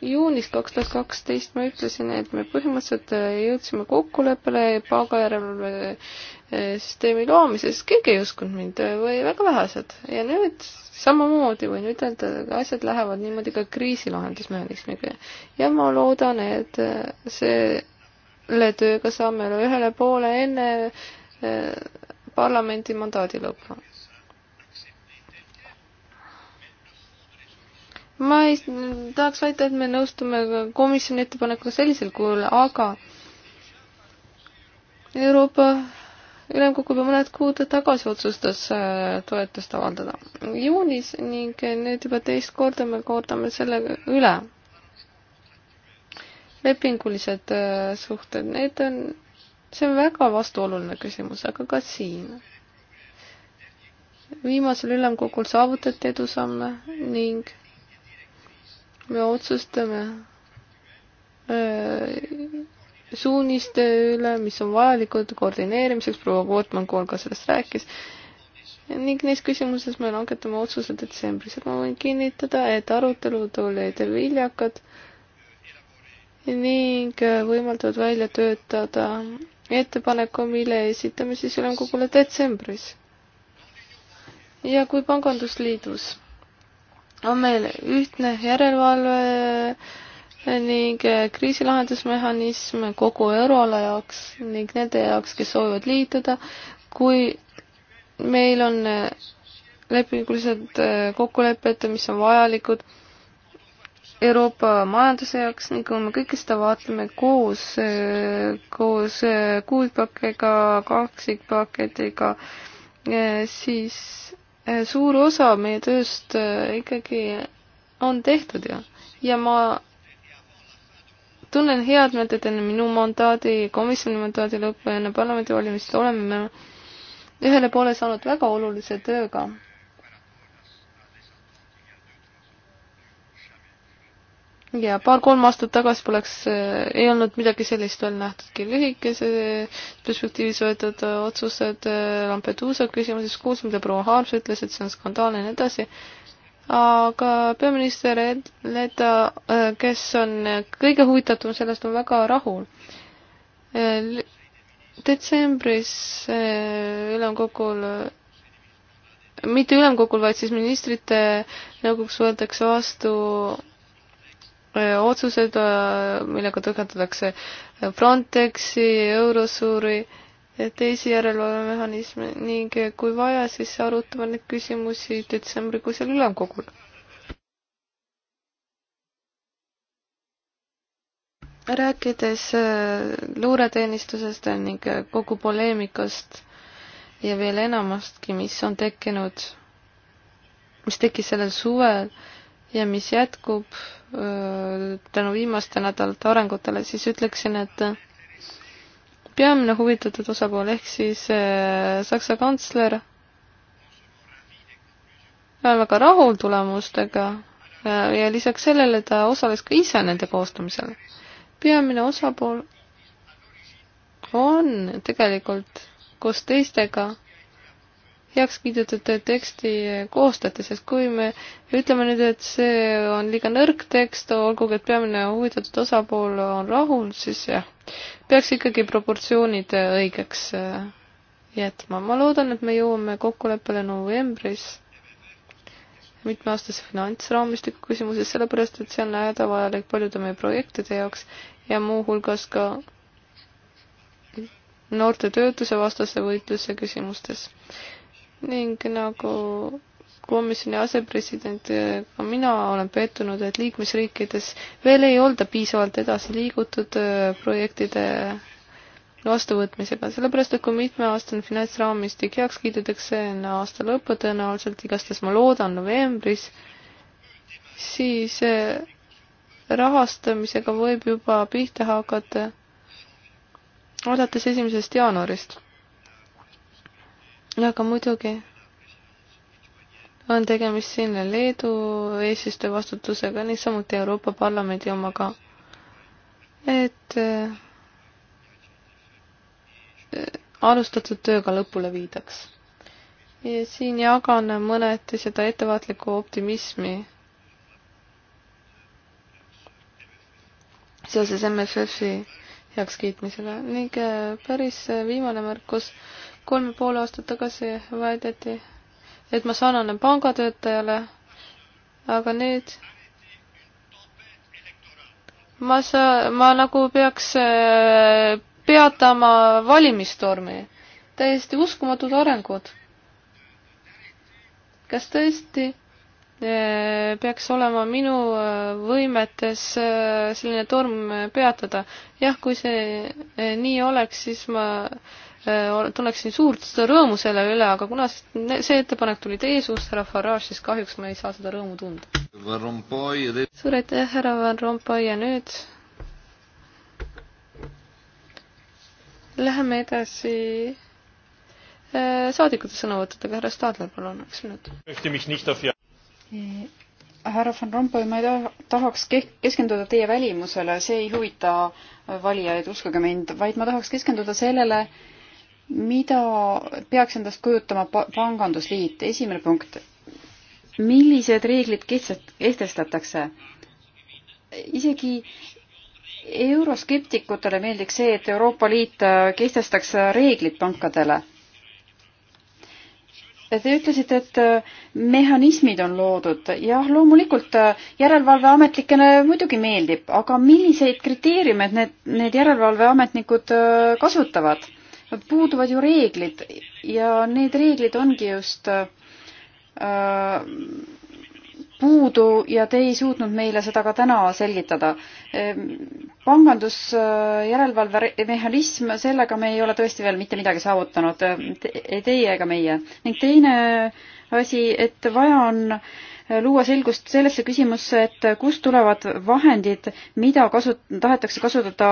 juunis kaks tuhat kaksteist ma ütlesin, et me põhimõtteliselt äh, jõudsime kokkuleppele palgajärelevalve Eh, süsteemi loomises keegi ei uskunud mind eh, või väga vähesed ja nüüd samamoodi võin ütelda, asjad lähevad niimoodi ka kriisilahendusmehhanismiga ja ma loodan, et eh, selle tööga saame ühele poole enne parlamendi mandaadi lõppu. ma ei tahaks väita, et me nõustume komisjoni ettepanekuga sellisel kujul, aga Euroopa ülemkogu juba mõned kuud tagasi otsustas äh, toetust avaldada juunis ning nüüd juba teist korda me kordame selle üle. lepingulised äh, suhted, need on, see on väga vastuoluline küsimus, aga ka siin. viimasel ülemkogul saavutati edusamme ning me otsustame öö, äh, suuniste üle, mis on vajalikud koordineerimiseks, proua Kootmann-Kool ka sellest rääkis, ning neis küsimuses me langetame otsuse detsembris, aga ma võin kinnitada, et arutelud olid viljakad ning võimaldavad välja töötada ettepaneku, mille esitame siis ülemkogule detsembris. ja kui Pangandusliidus on meil ühtne järelevalve ning eh, kriisilahendusmehhanism kogu euroala jaoks ning nende jaoks, kes soovivad liituda, kui meil on eh, lepingulised eh, kokkulepped, mis on vajalikud Euroopa majanduse jaoks ning kui me kõike seda vaatame koos, koos kuldpakega, kaksikpaketiga, siis suur osa meie tööst ikkagi on tehtud ja, ja ma tunnen head meelt, et enne minu mandaadi, komisjoni mandaadi lõppu ja enne parlamendivalimist oleme me ühele poole saanud väga olulise tööga. ja paar-kolm aastat tagasi poleks, eh, ei olnud midagi sellist veel nähtudki. lühikese perspektiivis võetud otsused eh, Lampeduusa küsimuses, kuulsime, mida proua Haarms ütles, et see on skandaalne ja nii edasi aga peaminister Ed-, Leda, äh, kes on kõige huvitatum sellest, on väga rahul. Äh, detsembris äh, ülemkogul, mitte ülemkogul, vaid siis ministrite nõukogus võetakse vastu otsused, millega tõkendatakse Frontexi, Eurosuri äh, teisi järelevalvemehhanisme ning kui vaja, siis arutame neid küsimusi detsembrikuisel ülemkogul. rääkides äh, luureteenistusest ning äh, kogu poleemikast ja veel enamastki, mis on tekkinud, mis tekkis sellel suvel ja mis jätkub öö, äh, tänu viimaste nädalate arengutele, siis ütleksin, et peamine huvitatud osapool ehk siis äh, Saksa kantsler on väga rahul tulemustega äh, ja lisaks sellele ta osales ka ise nende koostamisel. peamine osapool on tegelikult koos teistega heaks kiidetud teksti koostajate, sest kui me ütleme nüüd, et see on liiga nõrk tekst, olgugi et peamine huvitatud osapool on rahul, siis jah peaks ikkagi proportsioonid äh, õigeks äh, jätma. ma loodan, et me jõuame kokkuleppele novembris mitmeaastase finantsraamistiku küsimuses, sellepärast et see on hädavajalik paljude meie projektide jaoks ja muuhulgas ka noorte töötuse vastase võitluse küsimustes. ning nagu komisjoni asepresident, ka mina olen pettunud, et liikmesriikides veel ei olda piisavalt edasi liigutud äh, projektide vastuvõtmisega, sellepärast et kui mitmeaastane finantsraamistik heaks kiidetakse enne aasta lõppu tõenäoliselt, igastahes ma loodan novembris, siis äh, rahastamisega võib juba pihta hakata alates esimesest jaanuarist. aga muidugi on tegemist siin Leedu eesistuja vastutusega, niisamuti Euroopa Parlamendi omaga. et äh, alustatud tööga lõpule viidaks. ja siin jagan mõneti seda ettevaatlikku optimismi seoses MFF-i heakskiitmisega ning äh, päris viimane märkus, kolm ja pool aastat tagasi väideti, et ma sarnanen pangatöötajale, aga nüüd ma saa, ma nagu peaks äh, peatama valimistormi. täiesti uskumatud arengud. kas tõesti äh, peaks olema minu äh, võimetes selline torm peatada? jah, kui see nii oleks, siis ma Äh, tunneksin suurt rõõmu selle üle, aga kuna see ettepanek tuli teie suust, härra Farage, siis kahjuks ma ei saa seda rõõmu tunda. suur aitäh, härra Van Rompuy ja nüüd läheme edasi äh, saadikute sõnavõttudega, härra Stadler, palun, üks minut. Eh, härra Van Rompuy, ma ei taha, tahaks keskenduda teie välimusele, see ei huvita valijaid, uskuge mind, vaid ma tahaks keskenduda sellele, mida peaks endast kujutama pangandusliit? esimene punkt. millised reeglid kehtestatakse? isegi euroskeptikutele meeldiks see, et Euroopa Liit äh, kehtestaks äh, reeglid pankadele. Te ütlesite, et äh, mehhanismid on loodud. jah, loomulikult järelevalveametnikele muidugi meeldib, aga milliseid kriteeriume need, need järelevalveametnikud kasutavad? puuduvad ju reeglid ja need reeglid ongi just äh, puudu ja te ei suutnud meile seda ka täna selgitada. Ehm, pangandusjärelevalve mehhanism, sellega me ei ole tõesti veel mitte midagi saavutanud, ei teie ega meie. ning teine asi, et vaja on äh, luua selgust sellesse küsimusse, et kust tulevad vahendid, mida kasu-, tahetakse kasutada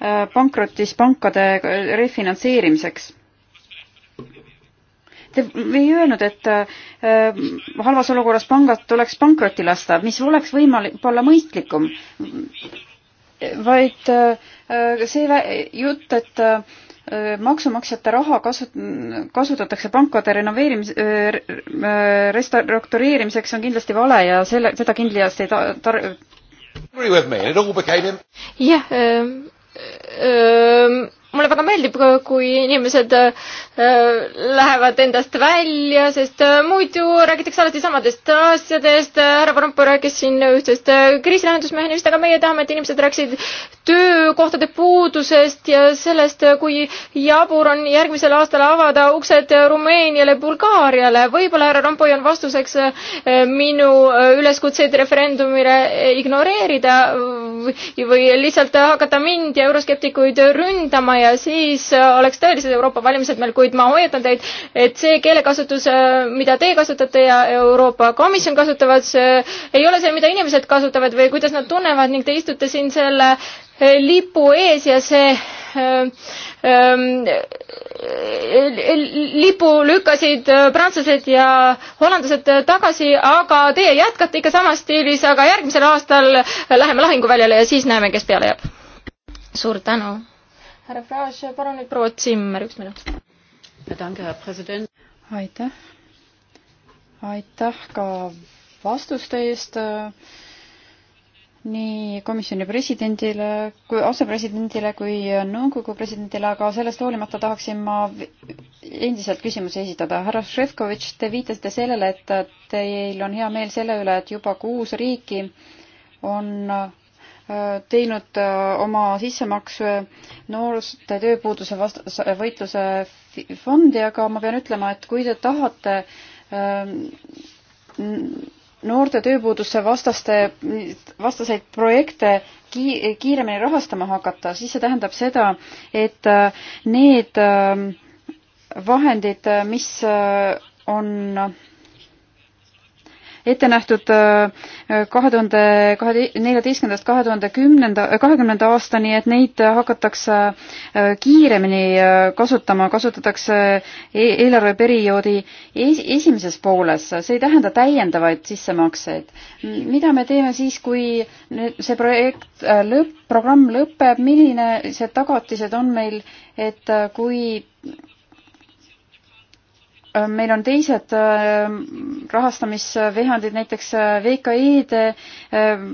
äh, pankrotis pankade refinantseerimiseks Te ei öelnud, et äh, halvas olukorras pangad tuleks pankrotti lasta, mis oleks võimalik, olla mõistlikum, vaid äh, äh see jutt, et äh, maksumaksjate raha kasut-, kasutatakse pankade renoveerimis-, restruktureerimiseks, on kindlasti vale ja selle, seda kindlasti ei ta-, tar-. jah, mulle väga meeldib, kui inimesed lähevad endast välja, sest muidu räägitakse alati samadest asjadest. härra Varumpo rääkis siin ühtest kriisilahendusmehhanismist, aga meie tahame, et inimesed rääkisid töökohtade puudusest ja sellest, kui jabur on järgmisel aastal avada uksed Rumeeniale, Bulgaariale. võib-olla härra Rompoi on vastuseks minu üleskutseid referendumile ignoreerida või lihtsalt hakata mind ja euroskeptikuid ründama ja siis äh, oleks tõelised Euroopa valimised meil, kuid ma hoiatan teid, et see keelekasutus, äh, mida teie kasutate ja Euroopa Komisjon kasutavad, see ei ole see, mida inimesed kasutavad või kuidas nad tunnevad ning te istute siin selle äh, lipu ees ja see Ehm, lipu lükkasid äh, prantslased ja hollandlased tagasi, aga teie jätkate ikka samas stiilis, aga järgmisel aastal läheme lahinguväljale ja siis näeme, kes peale jääb. suur tänu. härra Fraas, palun nüüd proua Zimmer, üks minut. aitäh. aitäh ka vastuste eest äh, nii komisjoni presidendile kui asepresidendile kui nõukogu presidendile, aga sellest hoolimata tahaksin ma endiselt küsimusi esitada. härra Šefkovitš, te viitasite sellele, et teil on hea meel selle üle, et juba kuus riiki on äh, teinud äh, oma sissemaksu noorte tööpuuduse vastase võitluse fondi, aga ma pean ütlema, et kui te tahate äh, noorte tööpuuduse vastaste, vastaseid projekte kiiremini rahastama hakata, siis see tähendab seda, et äh, need äh, vahendid, äh, mis on ette nähtud äh, kahe tuhande kahe, neljateistkümnendast kahe tuhande kümnenda, kahekümnenda aastani, et neid hakatakse äh, kiiremini äh, kasutama, kasutatakse e-, eelarveperioodi es, esimeses pooles, see ei tähenda täiendavaid sissemakseid. mida me teeme siis, kui see projekt lõpp, programm lõpeb, milline see tagatised on meil, et kui meil on teised äh, rahastamisvehandid näiteks äh, VKI-de äh,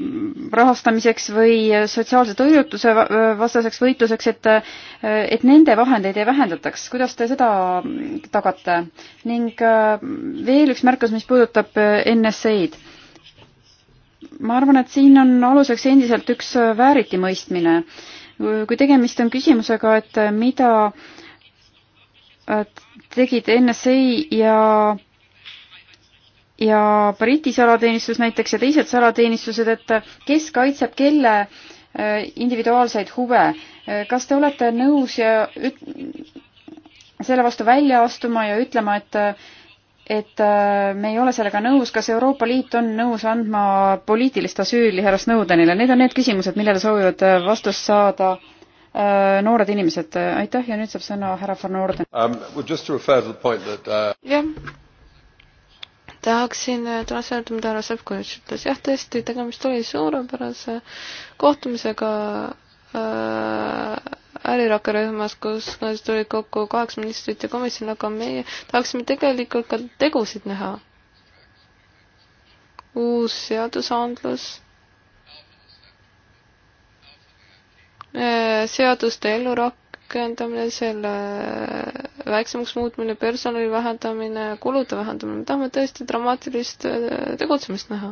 rahastamiseks või sotsiaalse tõrjutuse vastaseks võitluseks, et, et nende vahendeid ei vähendataks. kuidas te seda tagate? ning veel üks märkus, mis puudutab NSA-d. ma arvan, et siin on aluseks endiselt üks vääritimõistmine. kui tegemist on küsimusega, et mida äh, Äh, tegid NSA ja ja Briti salateenistus näiteks ja teised salateenistused, et kes kaitseb kelle äh, individuaalseid huve. Äh, kas te olete nõus ja üt-, selle vastu välja astuma ja ütlema, et et me ei ole sellega nõus, kas Euroopa Liit on nõus andma poliitilist asüüli härra Snowdenile, need on need küsimused, millele soovivad vastust saada äh, Äh, noored inimesed, äh, aitäh ja nüüd saab sõna härra von Orden um,. Uh, jah, tahaksin äh, taas öelda, mida härra Sepkovitš ütles, jah, tõesti, tegemist oli suurepärase kohtumisega äh, ärirakkerühmas, kus tuli kokku kaheksa ministrit ja komisjon, aga meie tahaksime tegelikult ka tegusid näha. uus seadusandlus Äh, seaduste ellurakendamine, selle äh, väiksemaks muutmine, personali vähendamine, kulude vähendamine, me tahame tõesti dramaatilist äh, tegutsemist näha.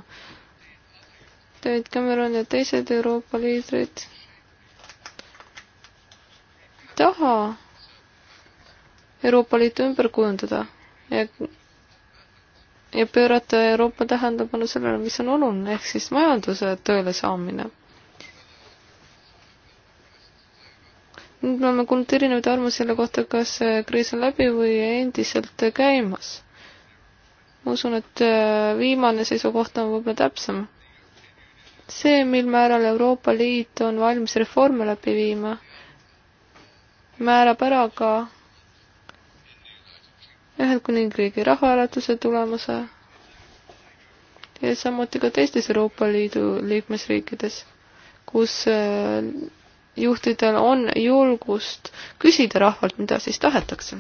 David Cameron ja teised Euroopa liidrid ei taha Euroopa Liitu ümber kujundada ja ja pöörata Euroopa tähelepanu sellele, mis on oluline, ehk siis majanduse tööle saamine. mul on kuulnud erinevaid arvamusi selle kohta, kas kriis on läbi või endiselt käimas. ma usun, et äh, viimane seisukoht on võib-olla täpsem. see, mil määral Euroopa Liit on valmis reforme läbi viima, määrab ära ka Ühendkuningriigi rahahääletuse tulemuse ja samuti ka teistes Euroopa Liidu liikmesriikides, kus äh, juhtidel on julgust küsida rahvalt, mida siis tahetakse.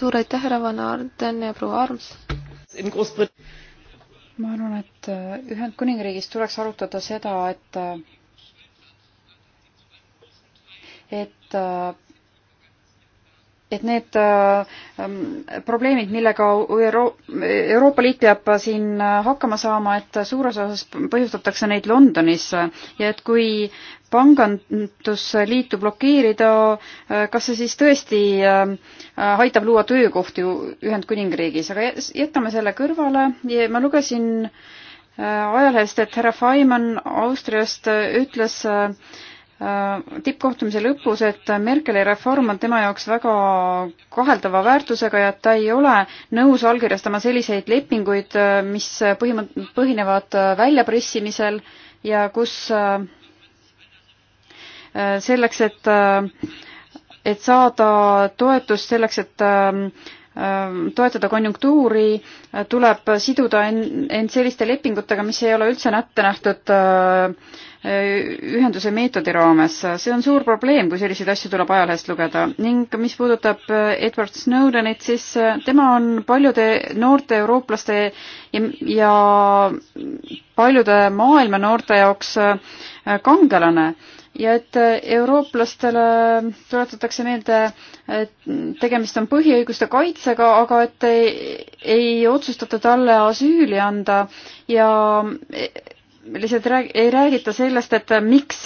suur aitäh, härra Van Arden ja proua Arms! ma arvan, et äh, Ühendkuningriigis tuleks arutada seda, et äh, et äh, et need äh, ähm, probleemid, millega Euro-, Euroopa Liit peab siin äh, hakkama saama, et suures osas põhjustatakse neid Londonis ja et kui pangandusliitu blokeerida, äh, kas see siis tõesti aitab luua töökohti Ühendkuningriigis, aga jätame selle kõrvale ja ma lugesin ajalehest, et härra Faimann Austriast ütles äh, Äh, tippkohtumise lõpus, et Merkeli reform on tema jaoks väga kaheldava väärtusega ja et ta ei ole nõus allkirjastama selliseid lepinguid, äh, mis põhimõtt-, põhinevad äh, väljapressimisel ja kus selleks, et et saada toetust selleks, et Äh, toetada konjunktuuri, äh, tuleb siduda end selliste lepingutega, mis ei ole üldse ette nähtud äh, ühenduse meetodi raames. see on suur probleem, kui selliseid asju tuleb ajalehest lugeda ning mis puudutab Edward Snowdenit, siis tema on paljude noorte eurooplaste ja, ja paljude maailma noorte jaoks kangelane ja et eurooplastele tuletatakse meelde, et tegemist on põhiõiguste kaitsega, aga et ei, ei otsustata talle asüüli anda ja lihtsalt rääg-, ei räägita sellest, et miks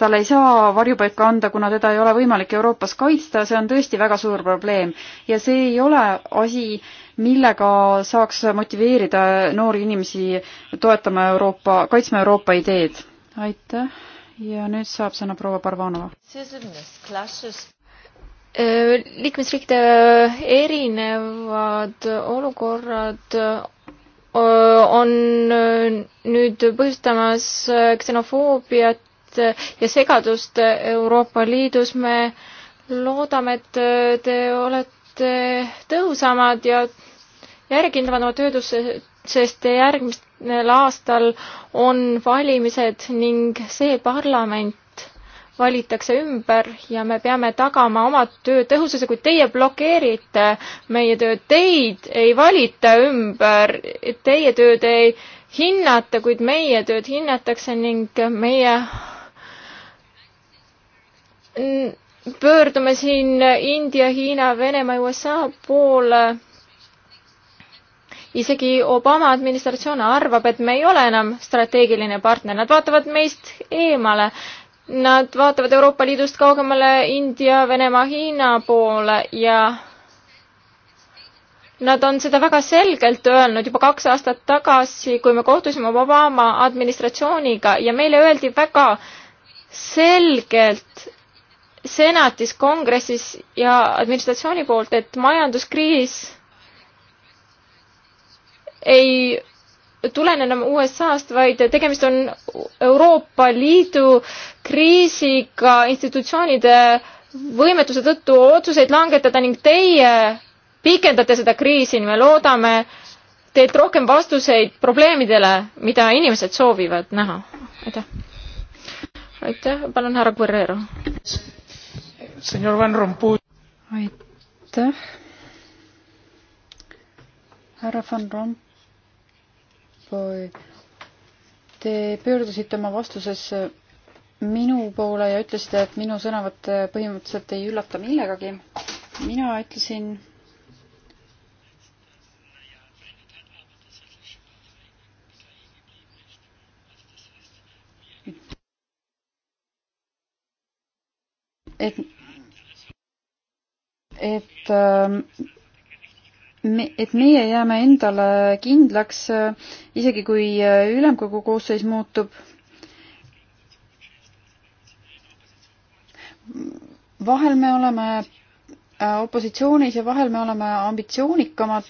talle ei saa varjupaika anda, kuna teda ei ole võimalik Euroopas kaitsta, see on tõesti väga suur probleem. ja see ei ole asi, millega saaks motiveerida noori inimesi toetama Euroopa, kaitsma Euroopa ideed. aitäh! ja nüüd saab sõna proua Parvanova. Äh, liikmesriikide äh, erinevad äh, olukorrad on nüüd põhjustamas ksenofoobiat ja segadust Euroopa Liidus. me loodame, et te olete tõhusamad ja järgindavad oma töödus, sest järgmisel aastal on valimised ning see parlament valitakse ümber ja me peame tagama oma töö tõhususe, kui teie blokeerite meie tööd, teid ei valita ümber, teie tööd ei hinnata, kuid meie tööd hinnatakse ning meie pöördume siin India, Hiina, Venemaa, USA poole isegi Obama administratsioon arvab, et me ei ole enam strateegiline partner, nad vaatavad meist eemale. Nad vaatavad Euroopa Liidust kaugemale India, Venemaa, Hiina poole ja Nad on seda väga selgelt öelnud juba kaks aastat tagasi, kui me kohtusime Obama administratsiooniga ja meile öeldi väga selgelt senatis, kongressis ja administratsiooni poolt, et majanduskriis ei tulene enam USA-st, vaid tegemist on Euroopa Liidu kriisiga institutsioonide võimetuse tõttu otsuseid langetada ning teie pikendate seda kriisi, me loodame teilt rohkem vastuseid probleemidele, mida inimesed soovivad näha. aitäh. aitäh, palun härra Guerrero. aitäh. härra Van Rompuy Rampoi. Te pöördusite oma vastuses minu poole ja ütlesite, et minu sõnavõtt põhimõtteliselt ei üllata millegagi. mina ütlesin et et äh, me, et meie jääme endale kindlaks, äh, isegi kui äh, ülemkogu koosseis muutub. vahel me oleme äh, opositsioonis ja vahel me oleme ambitsioonikamad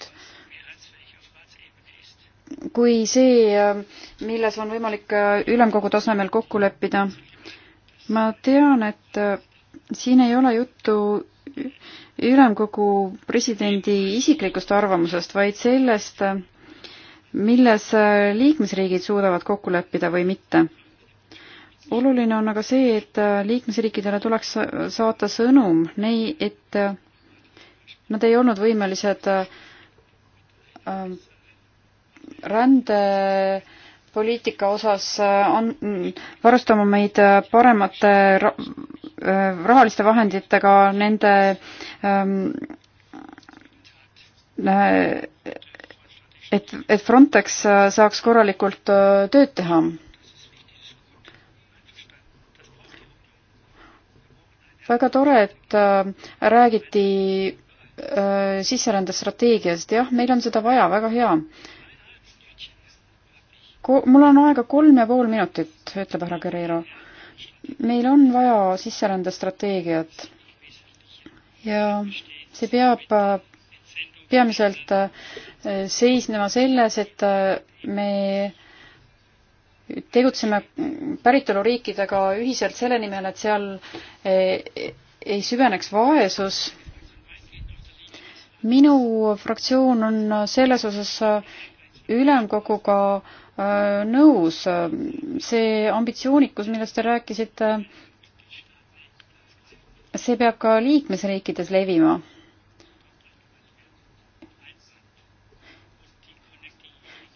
kui see, milles on võimalik ülemkogu tasemel kokku leppida. ma tean, et siin ei ole juttu ülemkogu presidendi isiklikust arvamusest, vaid sellest, milles liikmesriigid suudavad kokku leppida või mitte. oluline on aga see, et liikmesriikidele tuleks saata sõnum, nei-, et nad ei olnud võimelised ähm, rände poliitika osas on, äh, varustama meid paremate Äh, rahaliste vahenditega nende ähm, äh, et, et Frontex äh, saaks korralikult tööd teha. väga tore, et räägiti sisserändestrateegiast, jah, meil on seda vaja, väga hea. mul on aega kolm ja pool minutit, ütleb härra Guerrero meil on vaja sisserändestrateegiat ja see peab peamiselt äh, seisnema selles, et äh, me tegutseme päritoluriikidega ühiselt selle nimel, et seal äh, ei süveneks vaesus. minu fraktsioon on selles osas ülemkoguga äh, Äh, nõus. see ambitsioonikus, millest te rääkisite, see peab ka liikmesriikides levima.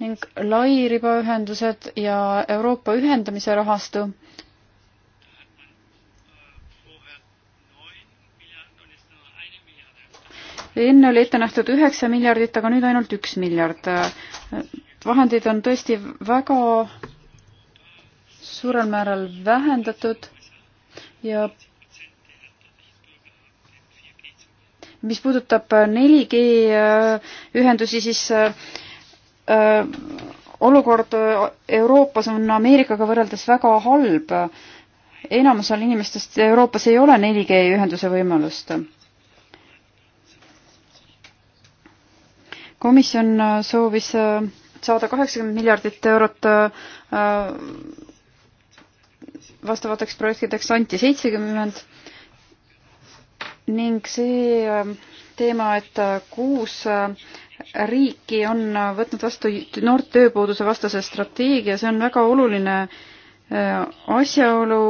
ning lairibaühendused ja Euroopa ühendamise rahastu enne oli ette nähtud üheksa miljardit, aga nüüd ainult üks miljard vahendeid on tõesti väga suurel määral vähendatud ja mis puudutab 4G äh, ühendusi, siis äh, äh, olukord Euroopas on Ameerikaga võrreldes väga halb. enamusel inimestest Euroopas ei ole 4G ühenduse võimalust. komisjon soovis saada kaheksakümmend miljardit eurot äh, vastavateks projektideks anti seitsekümmend ning see äh, teema, et äh, kuus riiki on võtnud vastu noort tööpuuduse vastase strateegia, see on väga oluline asjaolu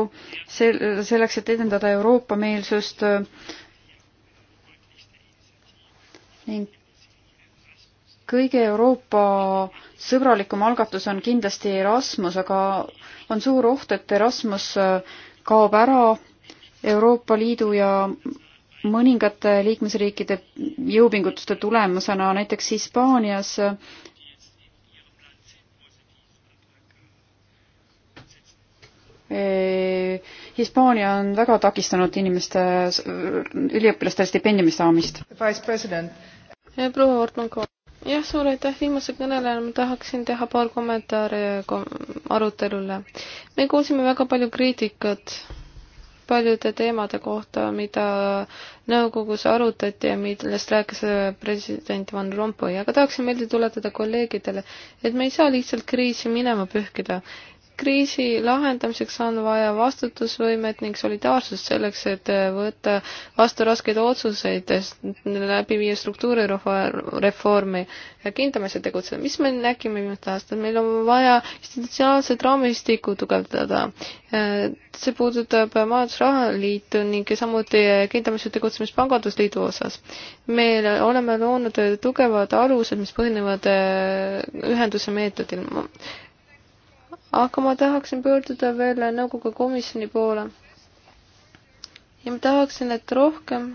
sel-, selleks, et edendada Euroopa meelsust ning kõige Euroopa sõbralikum algatus on kindlasti Erasmus, aga on suur oht, et Erasmus äh, kaob ära Euroopa Liidu ja mõningate liikmesriikide jõupingutuste tulemusena, näiteks Hispaanias äh, Hispaania on väga takistanud inimeste, üliõpilaste stipendiumi saamist. proua Ortmanko jah, suur aitäh viimase kõnelejana, ma tahaksin teha paar kommentaari arutelule. me kuulsime väga palju kriitikat paljude teemade kohta, mida nõukogus arutati ja millest rääkis äh, president Van Rompuy, aga tahaksin meelde tuletada kolleegidele, et me ei saa lihtsalt kriisi minema pühkida kriisi lahendamiseks on vaja vastutusvõimet ning solidaarsust selleks, et võtta vastu raskeid otsuseid, läbi viia struktuurireformi ja kindlamasti tegutseda. mis me nägime viimastel aastatel, meil on vaja institutsionaalset raamistikku tugevdada. see puudutab majandusrahaliitu ning samuti kindlamasti tegutsemist pangandusliidu osas. me oleme loonud tugevad alused, mis põhinevad ühenduse meetodil aga ma tahaksin pöörduda veel nõukogu komisjoni poole. ja ma tahaksin, et rohkem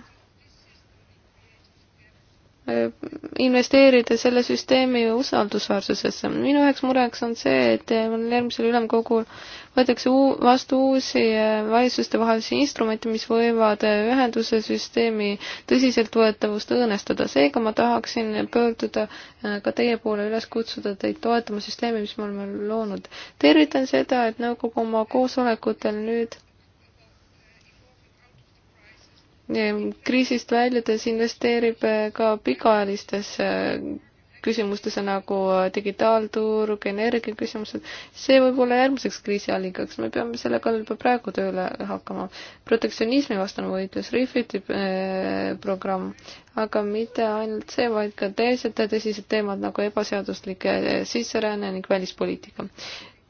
Äh, investeerida selle süsteemi usaldusväärsusesse. minu üheks mureks on see, et äh, järgmisel ülemkogul võetakse uu-, vastu uusi äh, valitsustevahelisi instrumente, mis võivad ühenduse süsteemi tõsiseltvõetavust õõnestada. seega ma tahaksin pöörduda ka teie poole, üles kutsuda teid toetama süsteemi, mis me oleme loonud. tervitan seda, et nõukogu oma koosolekutel nüüd Ehm, kriisist väljudes investeerib eh, ka pikaajalistesse eh, küsimustesse nagu eh, digitaalturg, energiaküsimused, see võib olla järgmiseks kriisiallikaks, me peame selle kallal juba praegu tööle hakkama. protektsionismi vastane võitlus, Refiti programm, aga mitte ainult see, vaid ka teised tõsised teemad nagu ebaseaduslik sisseränne ning välispoliitika.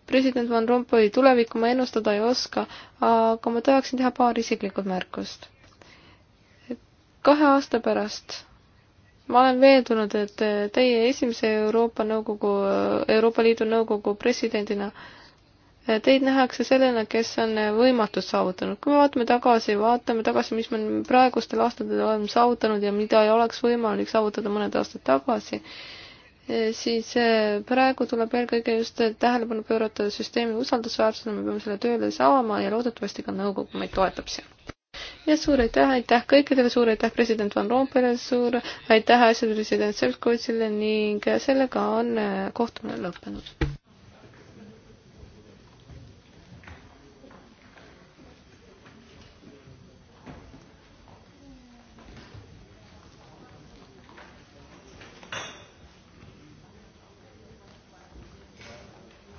president Van Rompuy tulevikku ma ennustada ei oska, aga ma tahaksin teha paar isiklikud märkust kahe aasta pärast ma olen veendunud, et teie esimese Euroopa Nõukogu, Euroopa Liidu Nõukogu presidendina teid nähakse sellena, kes on võimatust saavutanud. kui me vaatame tagasi, vaatame tagasi, mis me praegustel aastatel oleme saavutanud ja mida ei oleks võimalik saavutada mõned aastad tagasi, siis eh, praegu tuleb eelkõige just tähelepanu pöörata süsteemi usaldusväärsusele, me peame selle tööle saama ja loodetavasti ka nõukogu meid toetab siin ja suur aitäh, aitäh kõikidele, suur aitäh president Van Rompele, suur aitäh asjade president Selkovitšile ning sellega on kohtumine lõppenud.